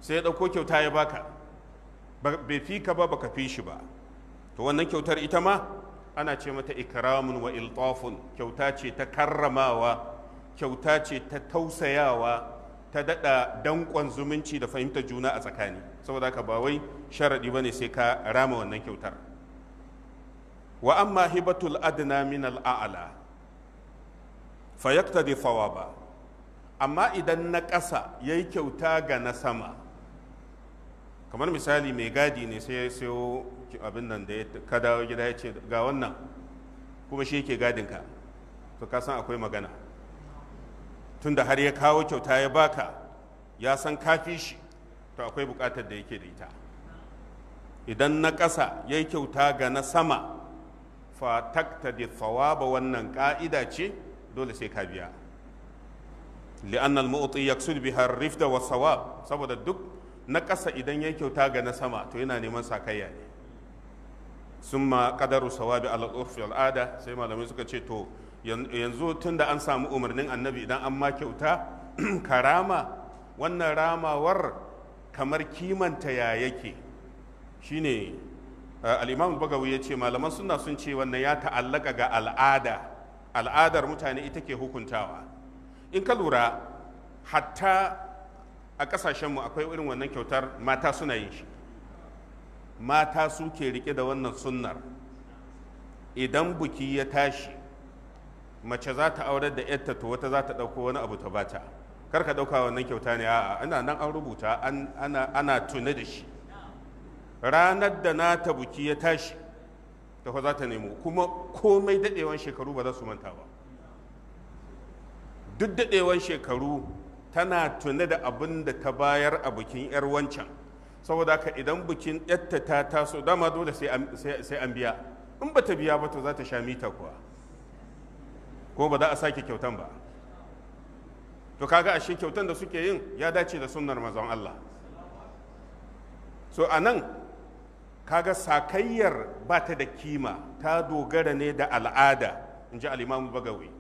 sai ya ɗauko kyauta ya baka bai fi ka ba baka fi shi ba to wannan kyautar ita ma ana ce mata ikramun wa iltafun kyauta ce ta karramawa kyauta ce ta tausayawa ta daɗa danƙon zumunci da fahimtar juna a tsakani saboda haka ba wai sharaɗi ba ne sai ka rama wannan kyautar wa amma hibatul adna min al'a'ala fa yaqtadi thawaba amma idan na ƙasa yayi kyauta ga na sama kamar misali mai gadi ne sai ya sayo abin nan da ka dawo gida ya ce ga wannan kuma shi yake gadinka to ka san akwai magana tunda har ya kawo kyauta ya baka ya san kafi shi to akwai bukatar da yake da ita idan na ƙasa ya yi kyauta ga na sama takta da tsawaba wannan ƙa'ida ce dole sai ka biya li'annal al yaksud biha ar-rifda saboda duk na ƙasa idan ya kyauta ga na sama to yana neman sakayya ne sun ma ƙadaru sawabi al'urfi al'ada sai malamai suka ce to yanzu tun da an samu umarnin annabi idan an ma kyauta rama wannan ramawar kamar kimanta ya yake shine eh, al'imamu bagawi ya ce malaman suna sun ce wannan ya ta'allaka ga al'ada al'adar mutane ita ke hukuntawa in ka lura hatta a ƙasashenmu akwai irin wannan kyautar mata suna yin shi mata su ke rike da wannan sunnar idan buki ya tashi mace za ta aurar da yadda to wata za ta ɗauko wani abu ta bata kar ka ɗauka wannan kyauta ne a'a ana nan an rubuta ana tune da shi ranar da na ta buki ya tashi ta za ta nemo kuma komai daɗewan shekaru ba za su manta ba duk daɗewan shekaru tana tune da abin da ta bayar a bikin 'yar wancan saboda ka idan bikin 'yatta ta taso dama dole sai an biya in ba ta biya ba to za ta sha mita kuwa ko ba za a sake kyautan ba to kaga ashe kyautan da suke yin ya dace da sunnar mazan Allah so anan kaga sakayyar ba ta da kima ta dogara ne da al'ada in ji al'imamu bagawi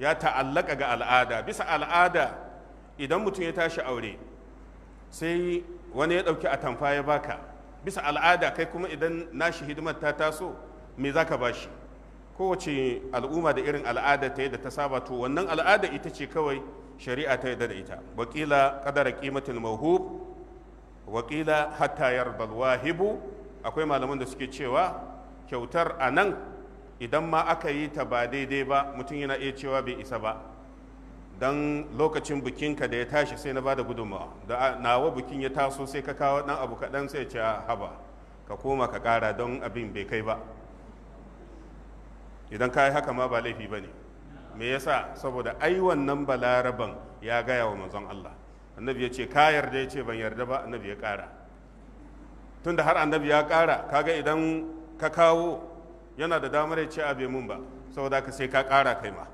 ya ta'allaka ga al'ada bisa al'ada idan mutum ya tashi aure sai wani ya ɗauki atamfa ya baka bisa al'ada kai kuma idan nashi hidimar ta taso me za ka shi kowace al'umma da irin al'ada ta da ta saba to wannan al'ada ita ce kawai shari'a ta yadda da ita wakila kadara kimatul mahub wakila hatta yarbal wahibu akwai malaman da suke cewa kyautar a nan idan ma aka yi ta ba daidai ba mutum yana iya cewa bai isa ba don lokacin bikinka da ya tashi sai na bada gudunmawa da nawa bikin ya taso sai ka kawo dan abu kaɗan sai ce haba ka koma ka ƙara don abin bai kai ba idan ka yi haka ma ba laifi ba ne me ya sa saboda ai wannan balaraban ya gaya wa manzon Allah annabi ya ce ka yarda ya ce ban yarda ba annabi ya ƙara tunda har annabi ya ƙara kaga idan ka kawo yana da damar ya ce a mun ba saboda ka sai ka ƙara kai ma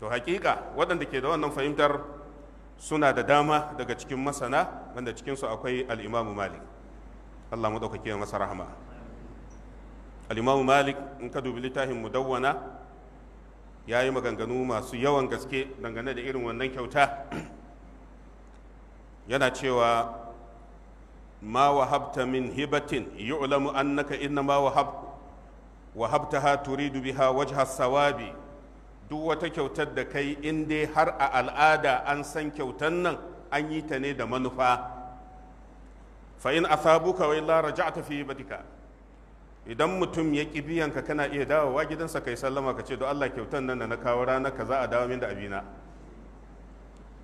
to hakika waɗanda ke da wannan fahimtar suna da dama daga cikin masana wanda cikinsu akwai al'imamu malik allah maɗaukaki ya masa rahama al'imamu malik in ka dubi littafin dawwana ya yi maganganu masu yawan gaske dangane da irin wannan kyauta yana cewa ma wahabta min hibatin yu'lamu annaka inna ma wahab wahabtaha turidu biha wajha sawabi duk wata kyautar da kai in dai har a al'ada an san kyautar nan an yi ta ne da manufa fa in wai lara illa ta fi badika idan mutum ya ki biyanka kana iya dawowa gidansa kai sallama ka ce don Allah kyautar nan da na kawo rana kaza a dawo min da abina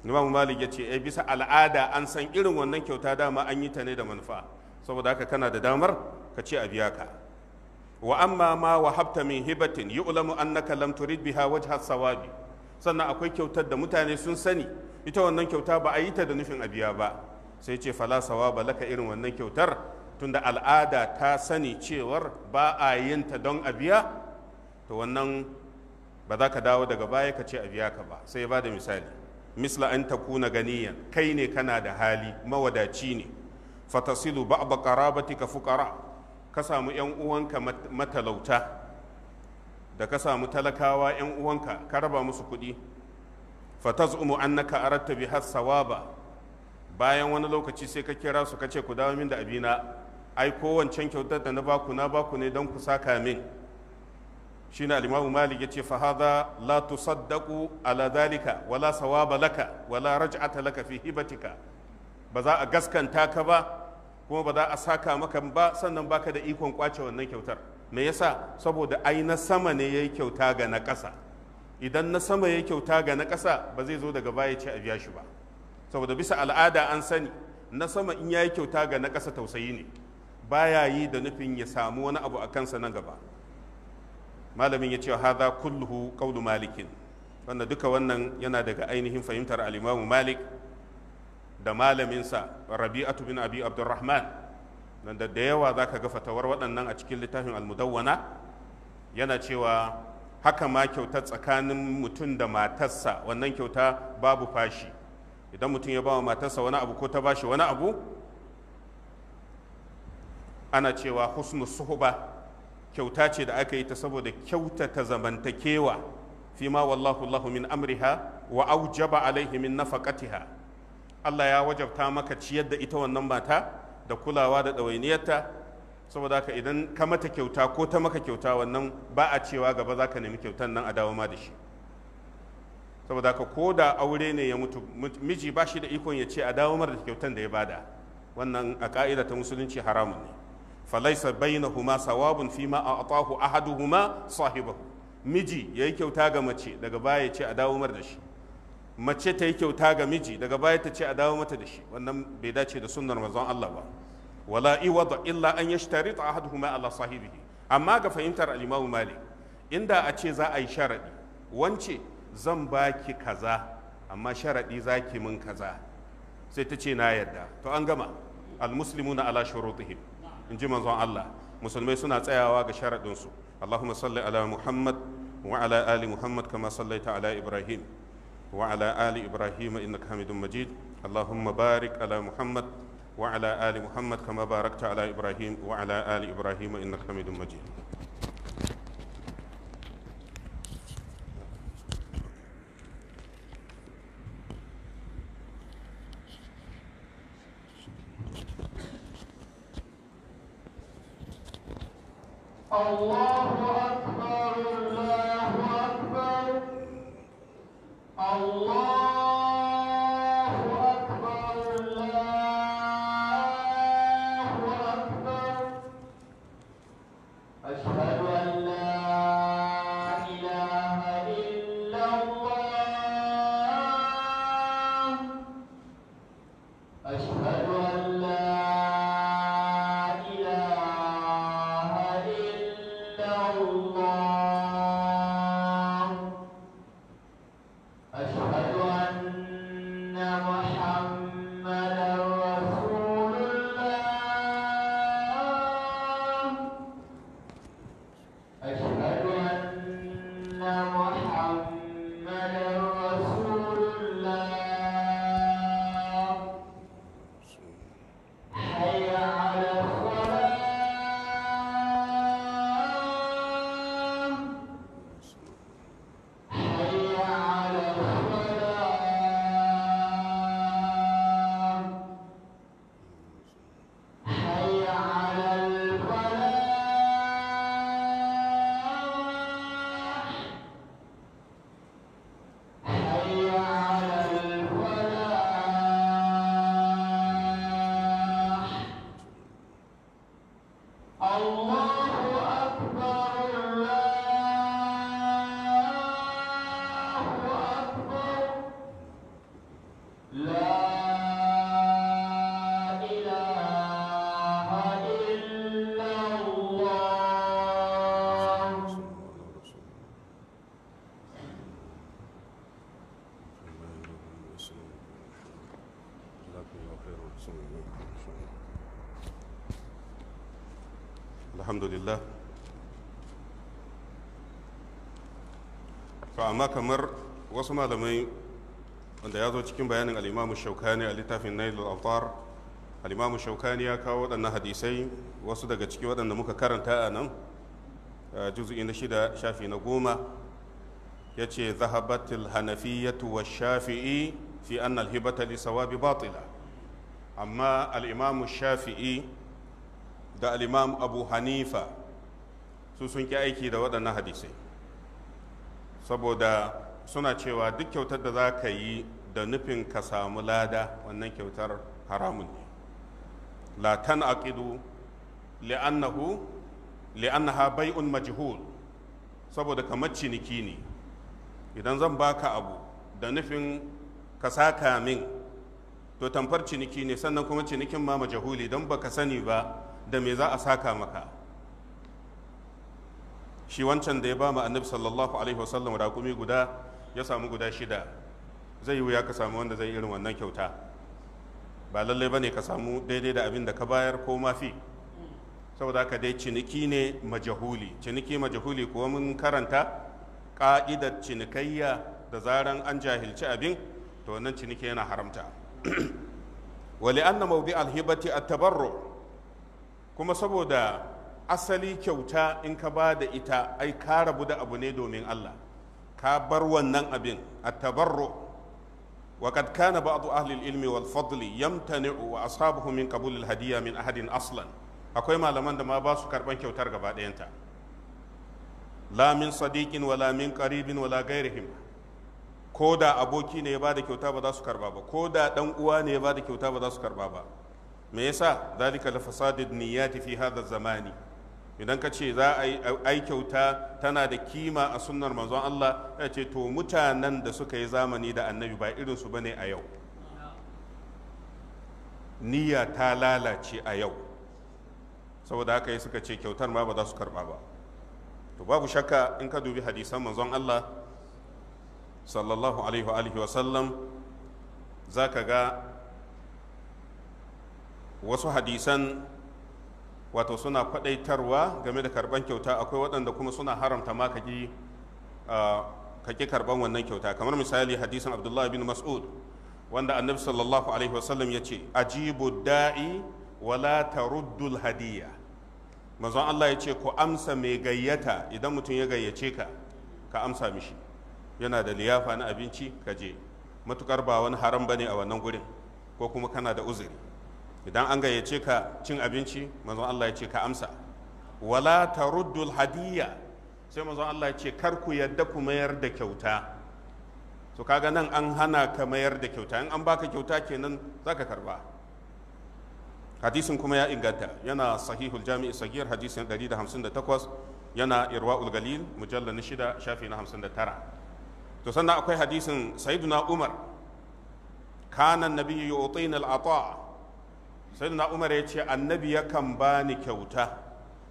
Imam Malik ya ce eh bisa al'ada an san irin wannan kyauta dama an yi ta ne da manufa saboda haka kana da damar ka ce a biya ka wa amma ma wa habta min hibatin yu'lamu annaka lam turid biha wajha sawabi sannan akwai kyautar da mutane sun sani ita wannan kyauta ba a yi ta da nufin abiya ba sai ce fala sawaba laka irin wannan kyautar tunda al'ada ta sani cewar ba a yin ta don abiya to wannan ba za ka dawo daga baya ka ce a biya ka ba sai ba da misali misla an takuna ganiyan kai ne kana da hali mawadaci ne fatasilu ba'da qarabatika fuqara ka samu 'yan uwanka matalauta da ka samu talakawa 'yan uwanka ka raba musu kuɗi fataz'umu annaka aratta bi sawaba bayan wani lokaci sai ka kira su ka ce ku dawo min da abina ai kowancan kyautar da na baku na baku ne don ku saka min shi na alimamu malik ya ce fahaza la tusaddaqu ala dalika wala sawaba laka wala raj'ata laka fi hibatika ba za a gaskanta ka ba kuma ba za a saka maka ba sannan baka da ikon kwace wannan kyautar me yasa saboda ai na sama ne yayi kyauta ga na ƙasa idan na sama yayi kyauta ga na ƙasa ba zai zo daga baya ce a biya shi ba saboda bisa al'ada an sani na sama in yayi kyauta ga na ƙasa tausayi ne baya yi da nufin ya samu wani abu a kansa nan gaba malamin ya ce hadha kulluhu qawlu malikin wanda duka wannan yana daga ainihin fahimtar al-imamu malik da malaminsa rabi'atu bin abi abdurrahman nan da da yawa za ka ga fatawar waɗannan a cikin littafin almudawwana yana cewa haka ma kyauta tsakanin mutum da matarsa wannan kyauta babu fashi idan mutum ya ba wa matarsa wani abu ko ta shi wani abu ana cewa husnu suhuba kyauta ce da aka yi ta saboda kyautata zamantakewa fi ma wallahu min amriha wa aujaba alaihi min nafaqatiha Allah ya wajabta maka ciyar da ita wannan mata da kulawa da ɗawainiyarta saboda haka idan ka mata kyauta ko ta maka kyauta wannan ba a cewa gaba za ka nemi kyautan nan a dawo ma da shi saboda haka ko da aure ne ya mutu miji ba shi da ikon ya ce a dawo mara da kyautan da ya bada wannan a ka'ida ta musulunci haramun ne falaisa bainahuma sawabun fi ma a'tahu ahaduhuma sahibahu miji yayi kyauta ga mace daga baya ya ce a dawo mara da shi mace ta yi kyauta ga miji daga baya ta ce a dawo mata da shi wannan bai dace da sunnar manzon Allah ba wala iwada illa an yashtarita ahaduhuma Allah sahibihi amma ga fahimtar al-Imam Malik inda a ce za a yi sharaɗi wance zan baki kaza amma sharaɗi zaki min kaza sai ta ce na yarda to an gama al na ala shurutihim in ji manzon Allah musulmai suna tsayawa ga sharaɗinsu su Allahumma salli ala Muhammad wa ala ali Muhammad kama sallaita ala Ibrahim وعلى آل إبراهيم إنك حميد مجيد اللهم بارك على محمد وعلى آل محمد كما باركت على إبراهيم وعلى آل إبراهيم إنك حميد مجيد الله أكبر الله أكبر الله أكبر alhamdulillah to amma kamar wasu malamai wanda ya zo cikin bayanin al'imamu shaukani a littafin nail al-altar al'imamu shaukani ya kawo waɗannan hadisai wasu daga ciki waɗanda muka karanta a nan juzu'i na shida shafi na goma ya ce zahabatil hanafiyatu wa shafi'i fi annal hibata li sawabi batila amma al'imamu shafi'i da al'imam abu hanifa su sun ki aiki da waɗannan hadisai saboda suna cewa duk kyautar da za ka yi da nufin ka samu lada wannan kyautar haramun ne la tan aqidu li'annahu li'annaha bai'un majhul saboda kamar ciniki ne idan zan baka abu da nufin ka saka min to tamfar ciniki ne sannan kuma cinikin ma majahuli don baka sani ba da me za a saka maka shi wancan da ya ba mu annabi sallallahu alaihi wasallam raƙumi guda ya samu guda shida zai yi wuya ka samu wanda zai irin wannan kyauta ba lallai ba ne ka samu daidai da abin da ka bayar ko mafi saboda haka dai ciniki ne majahuli ciniki majahuli kuwa mun karanta ƙa'idar cinikayya da zaran an jahilci abin to wannan ciniki yana haramta wali anna mawdi alhibati at-tabarru kuma saboda asali kyauta in ka ba da ita ai ka rabu da abu ne domin Allah ka bar wannan abin at-tabarru وقد كان بعض أهل العلم والفضل يمتنع وأصحابه من قبول الهدية من أحد أصلا أكوي ما لمن ما باسو كربان كيوتر غبا دينتا لا من صديق ولا من قريب ولا غيرهم كودا أبوكي ne ya bada kyauta ba za su karba ba ko da dan uwa ne ya bada kyauta ba za su karba ba me yasa zalika la fasadid niyyati fi hadha zamani idan ka ce za a kyauta tana da kima a sunnar manzon Allah ya ce to mutanen da suka yi zamani da annabi ba irin su bane a yau niyya ta lalace a yau saboda haka suka ce kyautar ma ba za su karba ba to babu shakka in ka dubi hadisan manzon Allah sallallahu alaihi wa sallam za ka ga wasu hadisan wato suna kwadaitarwa game da karban kyauta akwai waɗanda kuma suna haramta ma kaki kaki karban wannan kyauta kamar misali hadisin abdullahi bin mas'ud wanda annabi sallallahu alaihi wasallam ya ce ajibu da'i wala taruddul hadiya manzon Allah ya ce ku amsa mai gayyata idan mutum ya gayyace ka ka amsa mishi yana da liyafa na abinci ka je matukar ba wani haram bane a wannan gurin ko kuma kana da uzuri idan an gayyace ka cin abinci manzon Allah ya ce ka amsa wala taruddul hadiyya sai manzon Allah ya ce kar ku yadda ku mayar da kyauta to kaga nan an hana ka mayar da kyauta in an baka kyauta kenan zaka karba hadisin kuma ya inganta yana sahihul jami'i sagir hadisin 158 yana irwa'ul galil mujallal shida shafi na 59 to sannan akwai hadisin sayyiduna umar kana an-nabiyyu yu'tina al-ata' sayyidina umar ya ce annabi yakan bani kyauta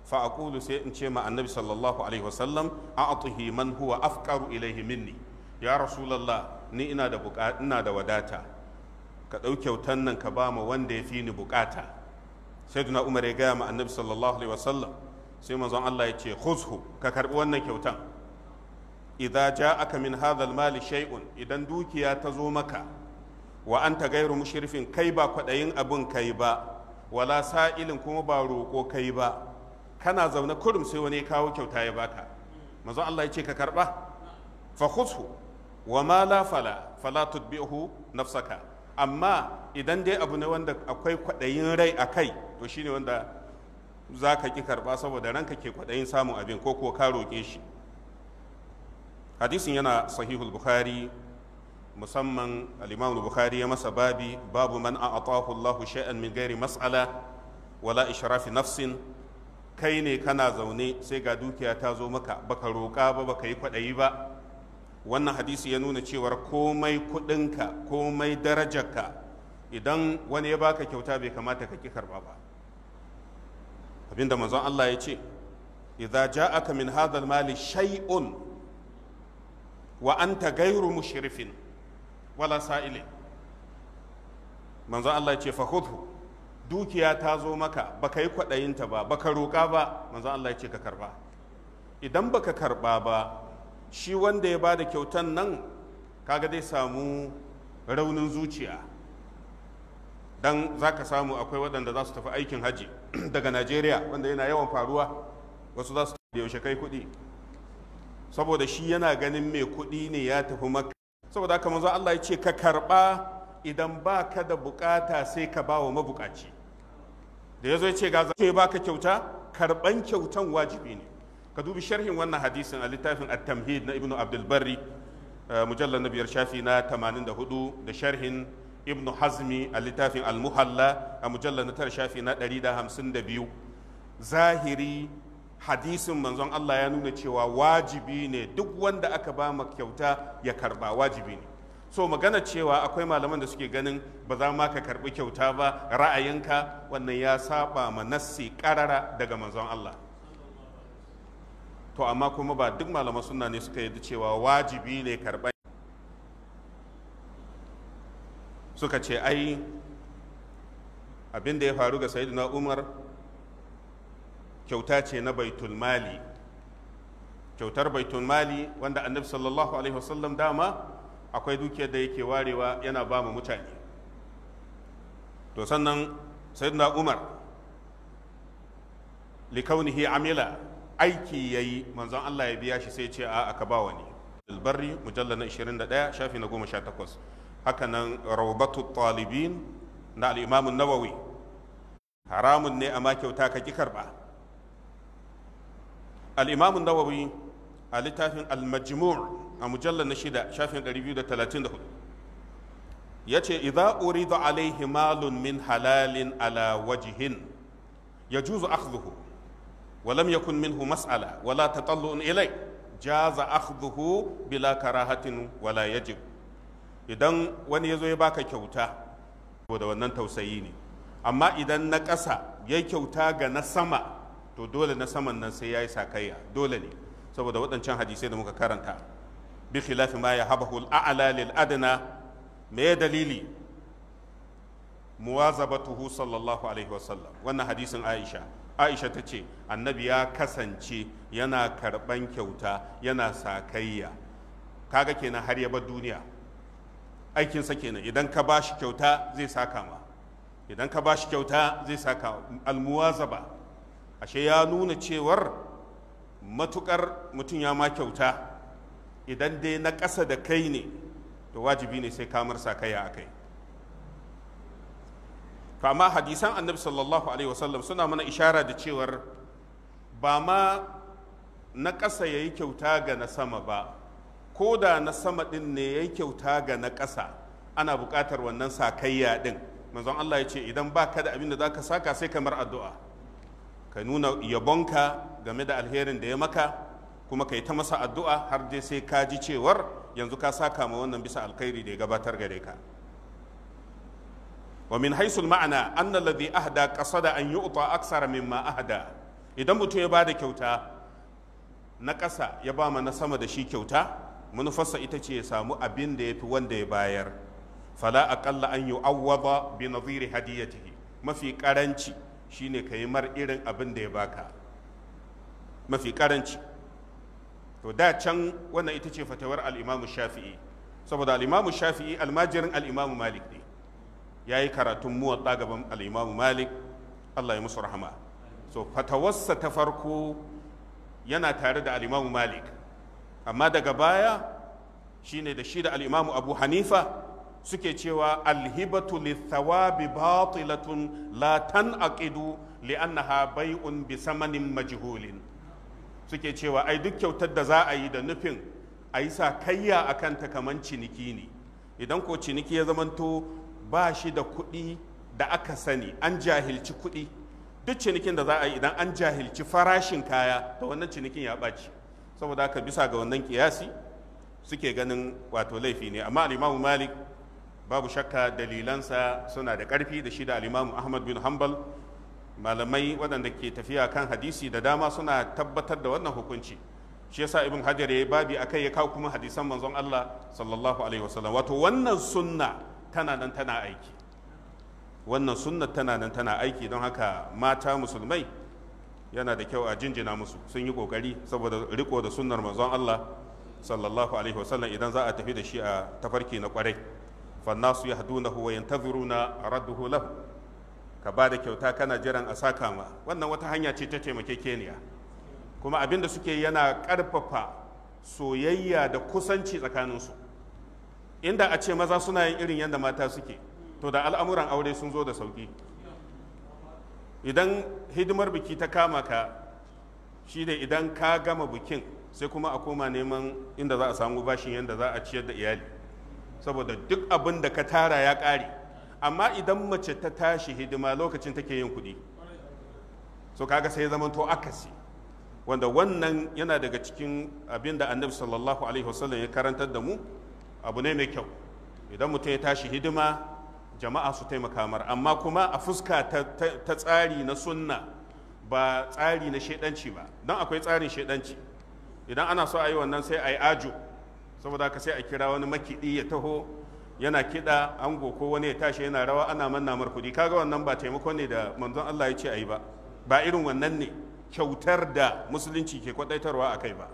fa aqulu sai in ce ma annabi sallallahu alaihi wasallam a'tihi man huwa afqaru ilaihi minni ya rasulullah ni ina da bukata ina da wadata ka ɗau kyautan nan ka ba wanda ya fi ni bukata sayyidina umar ya gaya ma annabi sallallahu alaihi wasallam sai manzon Allah ya ce khuzhu ka karbi wannan kyautan idza ja'aka min hadha al-mali shay'un idan dukiya ta zo maka wa an ta gairu mushrifin kai ba kwaɗayin abin kai ba wala sa'ilin kuma ba roƙo kai ba kana zaune kurum sai wani kawo kyauta ya baka mazan Allah ya ce ka karɓa. fa khudhu wa ma la fala fala tutbi'hu nafsaka amma idan dai abu ne wanda akwai kwaɗayin rai a kai to shine wanda za ka ƙi karɓa saboda ranka ke kwaɗayin samun abin ko kuwa ka roƙe shi hadisin yana sahihul bukhari musamman al-imam bukhari ya masa babi babu man a'atahu Allah shay'an min gairi mas'ala wala ishrafi nafsin kai ne kana zaune sai ga dukiya ta zo maka baka roƙa ba baka yi kwaɗayi ba wannan hadisi ya nuna cewar komai kuɗinka komai darajarka idan wani ya baka kyauta bai kamata ka ki karba ba abinda manzon Allah ya ce idza ja'aka min hadha al-mali shay'un wa anta ghayru mushrifin wala sa'ile manzon Allah ce fa dukiya ta zo maka baka yi ta ba baka roƙa ba manzon Allah ya ce ka karba idan baka karba ba shi wanda ya bada kyautan nan kaga dai samu raunin zuciya dan za ka samu akwai waɗanda za su tafi aikin haji daga najeriya wanda yana yawan faruwa wasu za su da yaushe kai kuɗi saboda shi yana ganin mai kuɗi ne ya tafi maka saboda haka manzo Allah ya ce ka karba idan ba ka da bukata sai ka ba wa mabukaci da ya zo ya ce ga zai ba ka kyauta karban kyautan wajibi ne ka dubi sharhin wannan hadisin a littafin at-tamhid na ibnu abdul barri eh, mujallar na biyar shafi na 84 da sharhin ibnu hazmi a littafin al-muhalla a mujallar na tara shafi na 152 zahiri hadisin manzon Allah ya nuna cewa wajibi ne duk wanda aka ba ma kyauta ya karba wajibi ne so magana cewa akwai malaman da suke ganin ba za ma ka karbi kyauta ba ra'ayinka wannan ya saba ma nassi karara daga manzon Allah to amma kuma ba duk malaman sunna ne suka yi cewa wajibi ne karba suka ce ai abin da ya faru ga sayyidina Umar kyauta ce na baitul mali kyautar baitul mali wanda annabi sallallahu alaihi wasallam dama akwai dukiyar da yake warewa yana ba mu mutane to sannan sayyidina umar likaunihi amila aiki yayi manzon Allah ya biya shi sai ce a aka ba wani albarri mujalla na 21 shafi na 18 haka nan Ra'ubatu talibin na al nawawi haramun ne amma kyauta ka ki karba al-imam an a littafin al-majmu' a mujallar na shida shafin 234 yace idza urida alaihi malam min halalin ala wajhin yajuzu akhdhuhu ولم يكن منه مسألة ولا تطلع إليه جاز أخذه بلا كراهة ولا يجب idan wani ya zo ya baka kyauta saboda wannan tausayi ne amma idan na ƙasa ya kyauta ga na sama to dole na saman nan sai ya yi sakayya dole ne saboda waɗancan hadisai da muka karanta bi khilafi ma ya habahu al'ala lil adna me dalili muwazabatuhu sallallahu alaihi wasallam wannan hadisin Aisha Aisha ta ce annabi ya kasance yana karban kyauta yana sakayya kaga kenan har ya bar duniya aikinsa kenan idan ka bashi kyauta zai saka ma idan ka shi kyauta zai saka almuwazaba ashe ya nuna cewar matukar mutum ya ma kyauta idan dai na ƙasa da kai ne to wajibi ne sai kamar sa kai a kai to amma hadisan annabi sallallahu alaihi wasallam suna mana ishara da cewar ba ma na ƙasa ya yi kyauta ga na sama ba ko da na sama ɗin ne ya yi kyauta ga na ƙasa ana buƙatar wannan sakayya ɗin manzon Allah ya ce idan ba ka da abin da za ka saka sai kamar addu'a ka nuna yabonka game da alherin da ya maka kuma ka yi ta masa addu'a har dai sai ka ji cewar yanzu ka saka ma wannan bisa alkhairi da ya gabatar gare ka wa min haisul ma'ana anna ladhi ahda qasada an yu'ta aksara mimma ahda idan mutum ya bada kyauta na ƙasa ya ba ma na sama da shi kyauta manufarsa ita ce ya samu abin da ya fi wanda ya bayar fala aqalla an yu'awwada bi nadhiri hadiyatihi mafi karanci shine ka yi mar irin abin da ya baka mafi karanci to da can wannan ita ce fatawar al'imamu shafi'i saboda al'imamu shafi'i almajirin al'imamu malik ne ya yi karatun muwatta gaban al'imamu malik allah ya musu rahama so fatawarsa ta farko yana tare da al'imamu malik amma daga baya shine da shi da al'imamu abu hanifa suke cewa alhibatu thawabi batilatun la li li'annaha bai'un bi samanin majhulin suke cewa ai duk kyautar da za a yi da nufin a yi sa kayya akan kanta kaman ciniki ne idan ko ciniki ya zamanto ba shi da kuɗi da aka sani an jahilci kuɗi duk cinikin da za a yi idan an jahilci farashin kaya to wannan cinikin ya ɓaci saboda haka bisa ga wannan kiyasi suke ganin wato laifi ne amma al malik babu shakka dalilansa suna da ƙarfi da shi da alimamu ahmad bin hanbal malamai waɗanda ke tafiya kan hadisi da dama suna tabbatar da wannan hukunci shi yasa ibn hajar ya babi akai ya kawo kuma hadisan manzon Allah sallallahu alaihi wasallam wato wannan sunna tana nan tana aiki wannan sunna tana nan tana aiki don haka mata musulmai yana da kyau a jinjina musu sun yi kokari saboda riko da sunnar manzon Allah sallallahu alaihi wasallam idan za a tafi da shi a tafarki na kwarai fannasu yahdunahu wa yantazuruna radduhu lahu ka ba da kyauta kana jiran a saka ma wannan wata hanya ce ta keniya kuma abin da suke yana ƙarfafa soyayya da kusanci tsakaninsu inda a ce maza suna yin irin yadda mata suke to da al'amuran aure sun zo da sauƙi idan hidimar biki ta kama ka shi da idan ka gama bikin sai kuma a koma neman inda za a samu bashin yadda za a ciyar da iyali saboda duk abin da ka tara ya ƙare amma idan mace ta tashi hidima lokacin take yin kuɗi so kaga sai zamanto to akasi wanda wannan yana daga cikin abin da annabi sallallahu alaihi wasallam ya karantar da mu abu ne mai kyau idan mutum ya tashi hidima jama'a su taimaka mar amma kuma a fuska ta tsari na sunna ba tsari na shaidanci ba don akwai tsarin shaidanci idan ana so a yi wannan sai a yi ajo saboda ka sai a kira wani makiɗi ya taho yana kiɗa ango ko wani ya tashi yana rawa ana manna markudi kaga wannan ba taimako ne da manzon Allah ya ce ayi ba ba irin wannan ne kyautar da musulunci ke kwadaitarwa a kai ba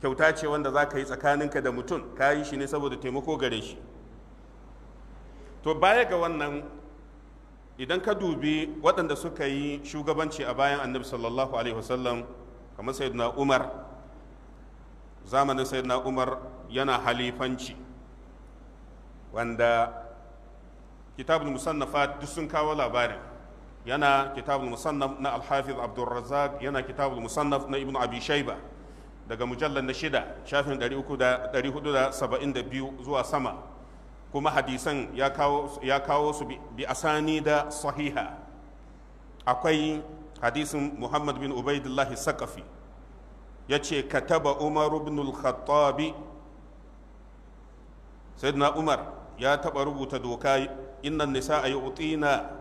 kyauta ce wanda za ka yi tsakaninka da mutum ka yi shi ne saboda taimako gare shi to baya ga wannan idan ka dubi waɗanda suka yi shugabanci a bayan annabi sallallahu alaihi wasallam kamar sayyidina umar zamanin sayyidina umar yana halifanci wanda kitabul musannafat duk sun kawo labarin yana kitabul musannaf na alhafiz abdulrazak yana kitabul musannaf na ibnu abi daga mujallar na shida shafin 472 zuwa sama kuma hadisan ya kawo su bi asani da sahiha akwai hadisin muhammad bin ubaidullahi sakafi ya ce kataba umaru bin al-khattabi sayyidina umar ya taɓa rubuta doka innan nisa a yi utina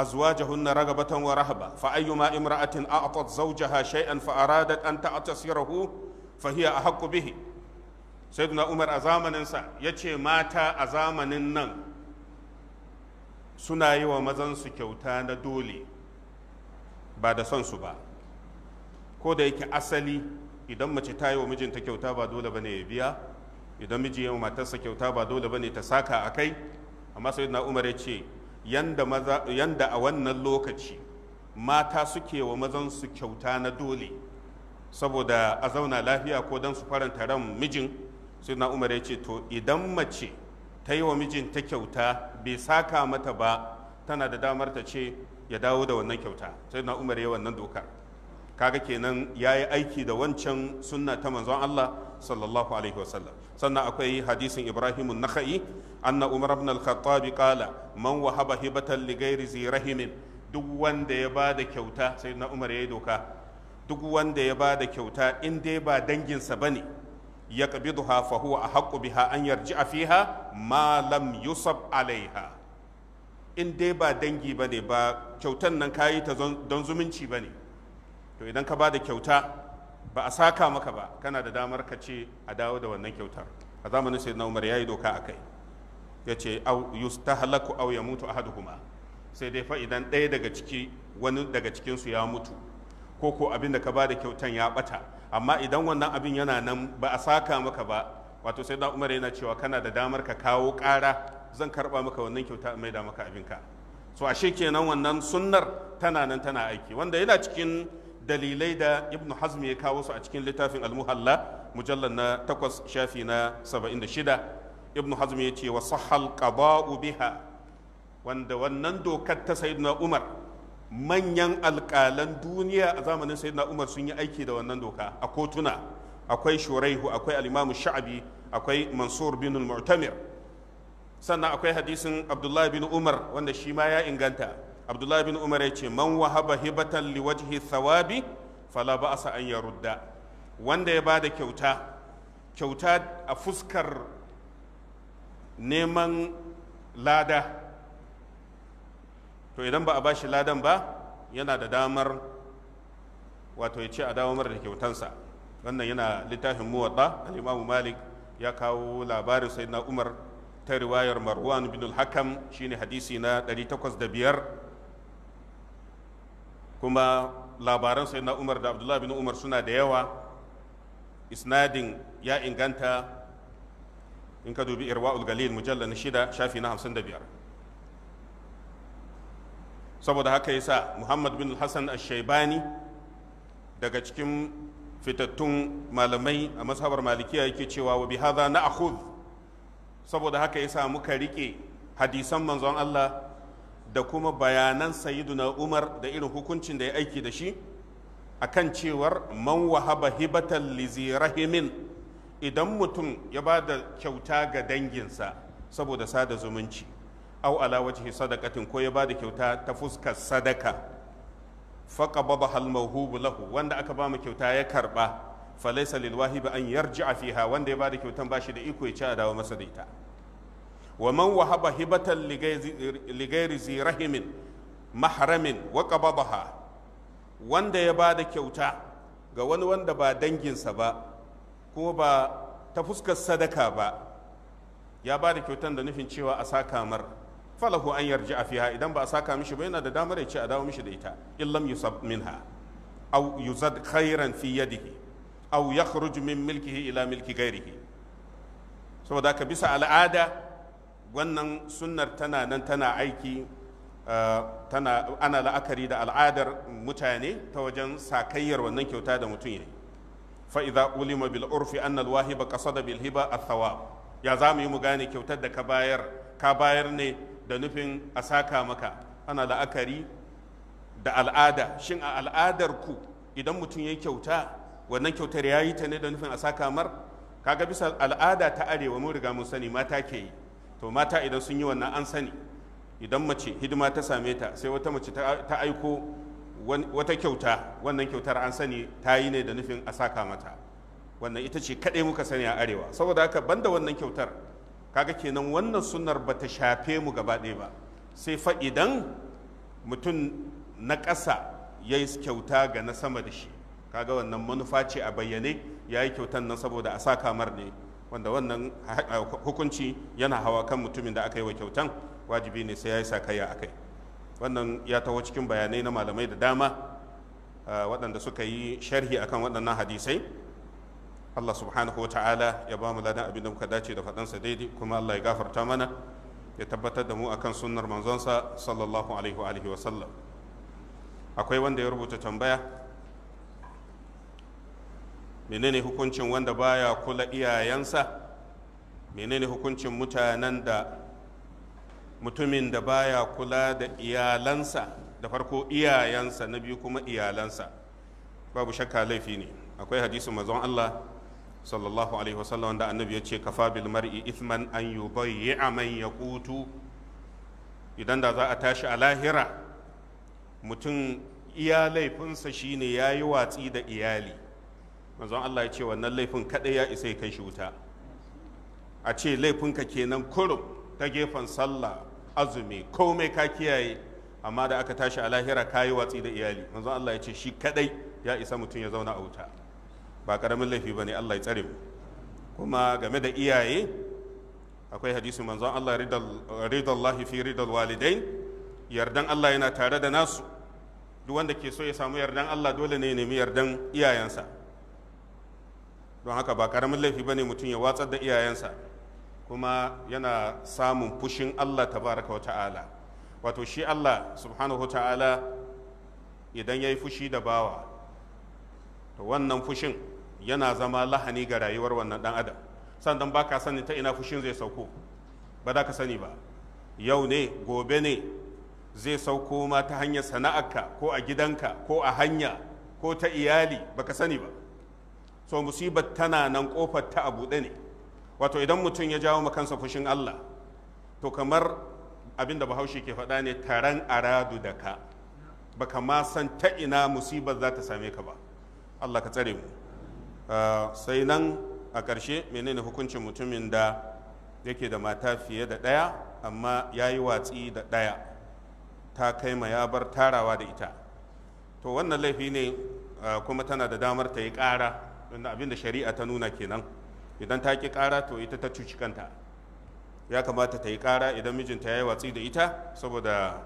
أزواجهن رغبة ورهبة فأيما امرأة أعطت زوجها شيئا فأرادت أن تعتصره فهي أحق به سيدنا عمر أزامن إنسا يتشي ماتا أزامن النن سناي ومزن سكوتان دولي بعد سنسبا ko da yake asali idan mace ta yi wa mijinta kyauta ba dole bane ya biya idan miji yawa matarsa kyauta ba dole bane ta saka a kai amma sayyidina umar ya ce yanda a wannan lokaci mata suke wa mazan su kyauta na dole saboda a zauna lafiya ko don su faranta ran mijin sayyidina umar ya ce to idan mace ta yi wa mijin ta kyauta bai saka mata ba tana da damar ta ce ya dawo da wannan kyauta sayyidina umar ya wannan dokar kaga kenan ya yi aiki da wancan sunna ta manzon Allah sallallahu alaihi wasallam sannan akwai hadisin Ibrahim an-Nakhai anna Umar ibn al-Khattab qala man wahaba hibatan li ghairi zi rahimin duk wanda ya bada kyauta sai na Umar yayi doka duk wanda ya bada kyauta in dai ba danginsa bane ya qabidha fa huwa ahqqu biha an yarji'a fiha ma lam yusab alaiha in dai ba dangi bane ba kyautan nan kayi ta don zumunci bane to idan ka ba da kyauta ba a saka maka ba kana da damar ka ce a dawo da wannan kyautar a zamanin sayyidina umar yi doka akai ya ce yustahlaku aw yamutu ahaduhuma sai dai fa idan ɗaya daga ciki wani daga cikin su ya mutu ko ko abin da ka ba da kyautan ya bata amma idan wannan abin yana nan ba a saka maka ba wato sai da umar yana cewa kana da damar ka kawo ƙara zan karba maka wannan kyauta mai da maka abinka so ashe kenan wannan sunnar tana nan tana aiki wanda yana cikin dalilai da ibnu hazm ya kawo su a cikin littafin almuhalla mujallar na takwas shafi na saba'in da shida ibnu hazm ya ce wa sahal qada'u biha wanda wannan dokar ta sayyidina umar manyan alƙalan duniya a zamanin sayyidina umar sun yi aiki da wannan doka a kotuna akwai shuraihu akwai alimamu sha'abi akwai mansur bin mu'tamir sannan akwai hadisin abdullahi bin umar wanda shi ma ya inganta abdullahi bin umar ya ce man wahaba hibatan liwajhi thawabi fala ba'asa an yarudda wanda ya bada kyauta kyauta a fuskar neman lada to idan ba a bashi ladan ba yana da damar wato ya ce a dawo da kyautansa wannan yana littafin muwatta al-imamu malik ya kawo labarin sayyidina umar ta riwayar marwan bin al-hakam shine hadisi na 805 kuma labaran sai na umar da abdullahi bin umar suna da yawa isnadin ya inganta in ka dubi irwa'ul galil mujalla na shida shafi na hamsin da biyar saboda haka yasa muhammad bin hassan ashaibani daga cikin fitattun malamai a mazhabar malikiya yake cewa wa bihadha na saboda haka yasa muka rike hadisan manzon allah da kuma bayanan na umar da irin hukuncin da ya aiki da shi akan cewar man wahaba hibatan lizirahimin idan mutum ya ba da kyauta ga danginsa saboda sada zumunci au ala wajhi sadaqatin ko ya ba da kyauta ta fuskar sadaka faqabada hal mawhubu lahu wanda aka ba mu kyauta ya karba falaysa lil wahibi an yarji fiha wanda ya ba da kyautan bashi da iko ya ci a dawo masa da ita wa man wahaba hibatan ligairi zi rahimin mahramin wa qabadaha wanda ya bada kyauta ga wani wanda ba danginsa ba ko ba ta fuskar sadaka ba ya bada kyautan da nufin cewa a saka mar an yarji a fiha idan ba a saka mishi ba yana da damar ya ce a dawo mishi da ita illam yusab minha aw yuzad khairan fi yadihi aw yakhruj min milkihi ila milki ghairihi saboda ka bisa al'ada wannan sunnar tana nan tana aiki eh, tana ana la'akari da al'adar mutane ta wajen sakayyar wannan kyauta da mutum ya yi fa'iza ulima bil urfi annal wahiba da bilhiba a athawab ya za mu yi mu gane kyautar da ka bayar ka bayar ne da nufin a saka maka ana la'akari da al'ada shin a al'adar ku idan mutum ya yi kyauta wannan kyautar ya yi ta ne da nufin a saka mar kaga bisa al'ada ta arewa mun riga mun sani mata ke yi to mata idan sun yi wannan an sani idan mace hidima ta same ta sai wata mace ta aiko wata kyauta wannan kyautar an sani ta yi ne da nufin a saka mata wannan ita ce kaɗai muka sani a arewa saboda haka banda wannan kyautar kaga kenan wannan sunnar ba ta shafe mu gaba ɗaya ba sai fa idan mutum na ƙasa ya yi kyauta ga na sama da shi kaga wannan manufa ce a bayyane ya yi kyautan nan saboda a sa kamar ne wanda wannan hukunci yana hawa kan mutumin da aka yi wa kyautan wajibi ne sai ya yi sakayya a kai wannan ya taho cikin bayanai na malamai da dama waɗanda suka yi sharhi akan waɗannan hadisai Allah subhanahu wa ta'ala ya ba mu ladan abin da muka dace da faɗansa daidai kuma Allah ya gafarta mana ya tabbatar da mu akan sunnar manzonsa sallallahu alaihi wa sallam akwai wanda ya rubuta tambaya menene hukuncin wanda baya kula iyayensa menene hukuncin mutanen da mutumin da baya kula da iyalansa da farko iyayensa na biyu kuma iyalansa babu shakka laifi ne akwai hadisin mazan Allah sallallahu alaihi wasallam wanda annabi ya ce kafa bil mar'i ithman an yubayya man yaqutu idan da za a tashi a lahira mutum iya laifinsa shine yayi watsi da iyali manzon Allah ya ce wannan laifin kadai ya isa ya kai shi wuta a ce laifinka kenan kurum ta gefen sallah azumi komai ka kiyaye amma da aka tashi a lahira kayi watsi da iyali manzon Allah ya ce shi kadai ya isa mutum ya zauna a wuta ba karamin laifi ne Allah ya tsare mu kuma game da iyaye akwai hadisi manzon Allah ridallahi fi ridal walidain yardan Allah yana tare da nasu duk wanda ke so ya samu yardan Allah dole ne ya nemi yardan iyayensa don haka ba karamin laifi bane mutum ya watsar da iyayensa kuma yana samun fushin Allah tabaraka wa ta'ala wato shi Allah subhanahu wa ta'ala idan ya yi fushi da bawa to wannan fushin yana zama lahani ga rayuwar wannan dan adam sannan ba ka sani ta ina fushin zai sauko ba za ka sani ba yau ne gobe ne zai sauko ma ta hanyar sana'arka ko a gidanka ko a hanya ko ta iyali ba ka sani ba so musibar tana nan kofar ta a buɗe ne wato idan mutum ya jawo makansa fushin Allah to kamar abin da bahaushe ke faɗa ne taron aradu da ka baka ma san ta ina musibar za ta same ka ba Allah ka tsare mu ah, sai nan a ƙarshe menene hukuncin mutumin da yake da mata fiye da ɗaya amma ya yi watsi da ɗaya ta kai ma ya bar tarawa da ita to wannan laifi ne ah, kuma tana da damar ta yi ƙara abin abinda shari'a ta nuna kenan idan ta ki kara to ita ta cuci kanta ya kamata ta yi kara idan mijinta ya yi watsi da ita saboda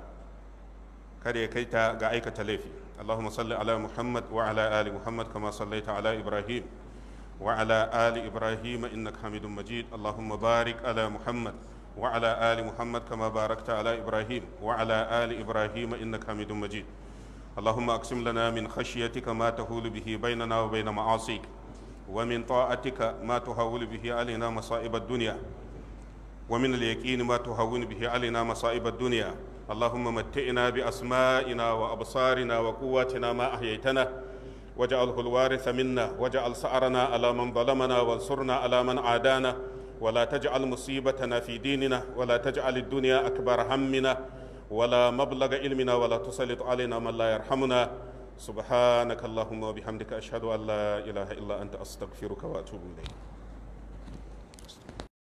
kada ya kai ta ga aikata laifi allahumma salli ala muhammad wa ala ali muhammad kama sallaita ala ibrahim wa ala ali ibrahim innaka hamidun majid allahumma barik ala muhammad وعلى آل محمد كما باركت على إبراهيم وعلى آل إبراهيم إنك حميد مجيد اللهم اقسم لنا من خشيتك ما تهول به بيننا وبين معاصيك ومن طاعتك ما تهول به علينا مصائب الدنيا ومن اليقين ما تهون به علينا مصائب الدنيا اللهم متئنا بأسمائنا وأبصارنا وقواتنا ما أحييتنا واجعله الوارث منا واجعل سعرنا على من ظلمنا وانصرنا على من عادانا ولا تجعل مصيبتنا في ديننا ولا تجعل الدنيا أكبر همنا ولا مبلغ علمنا ولا تسلط علينا من لا يرحمنا سبحانك اللهم وبحمدك أشهد أن لا إله إلا أنت أستغفرك وأتوب إليك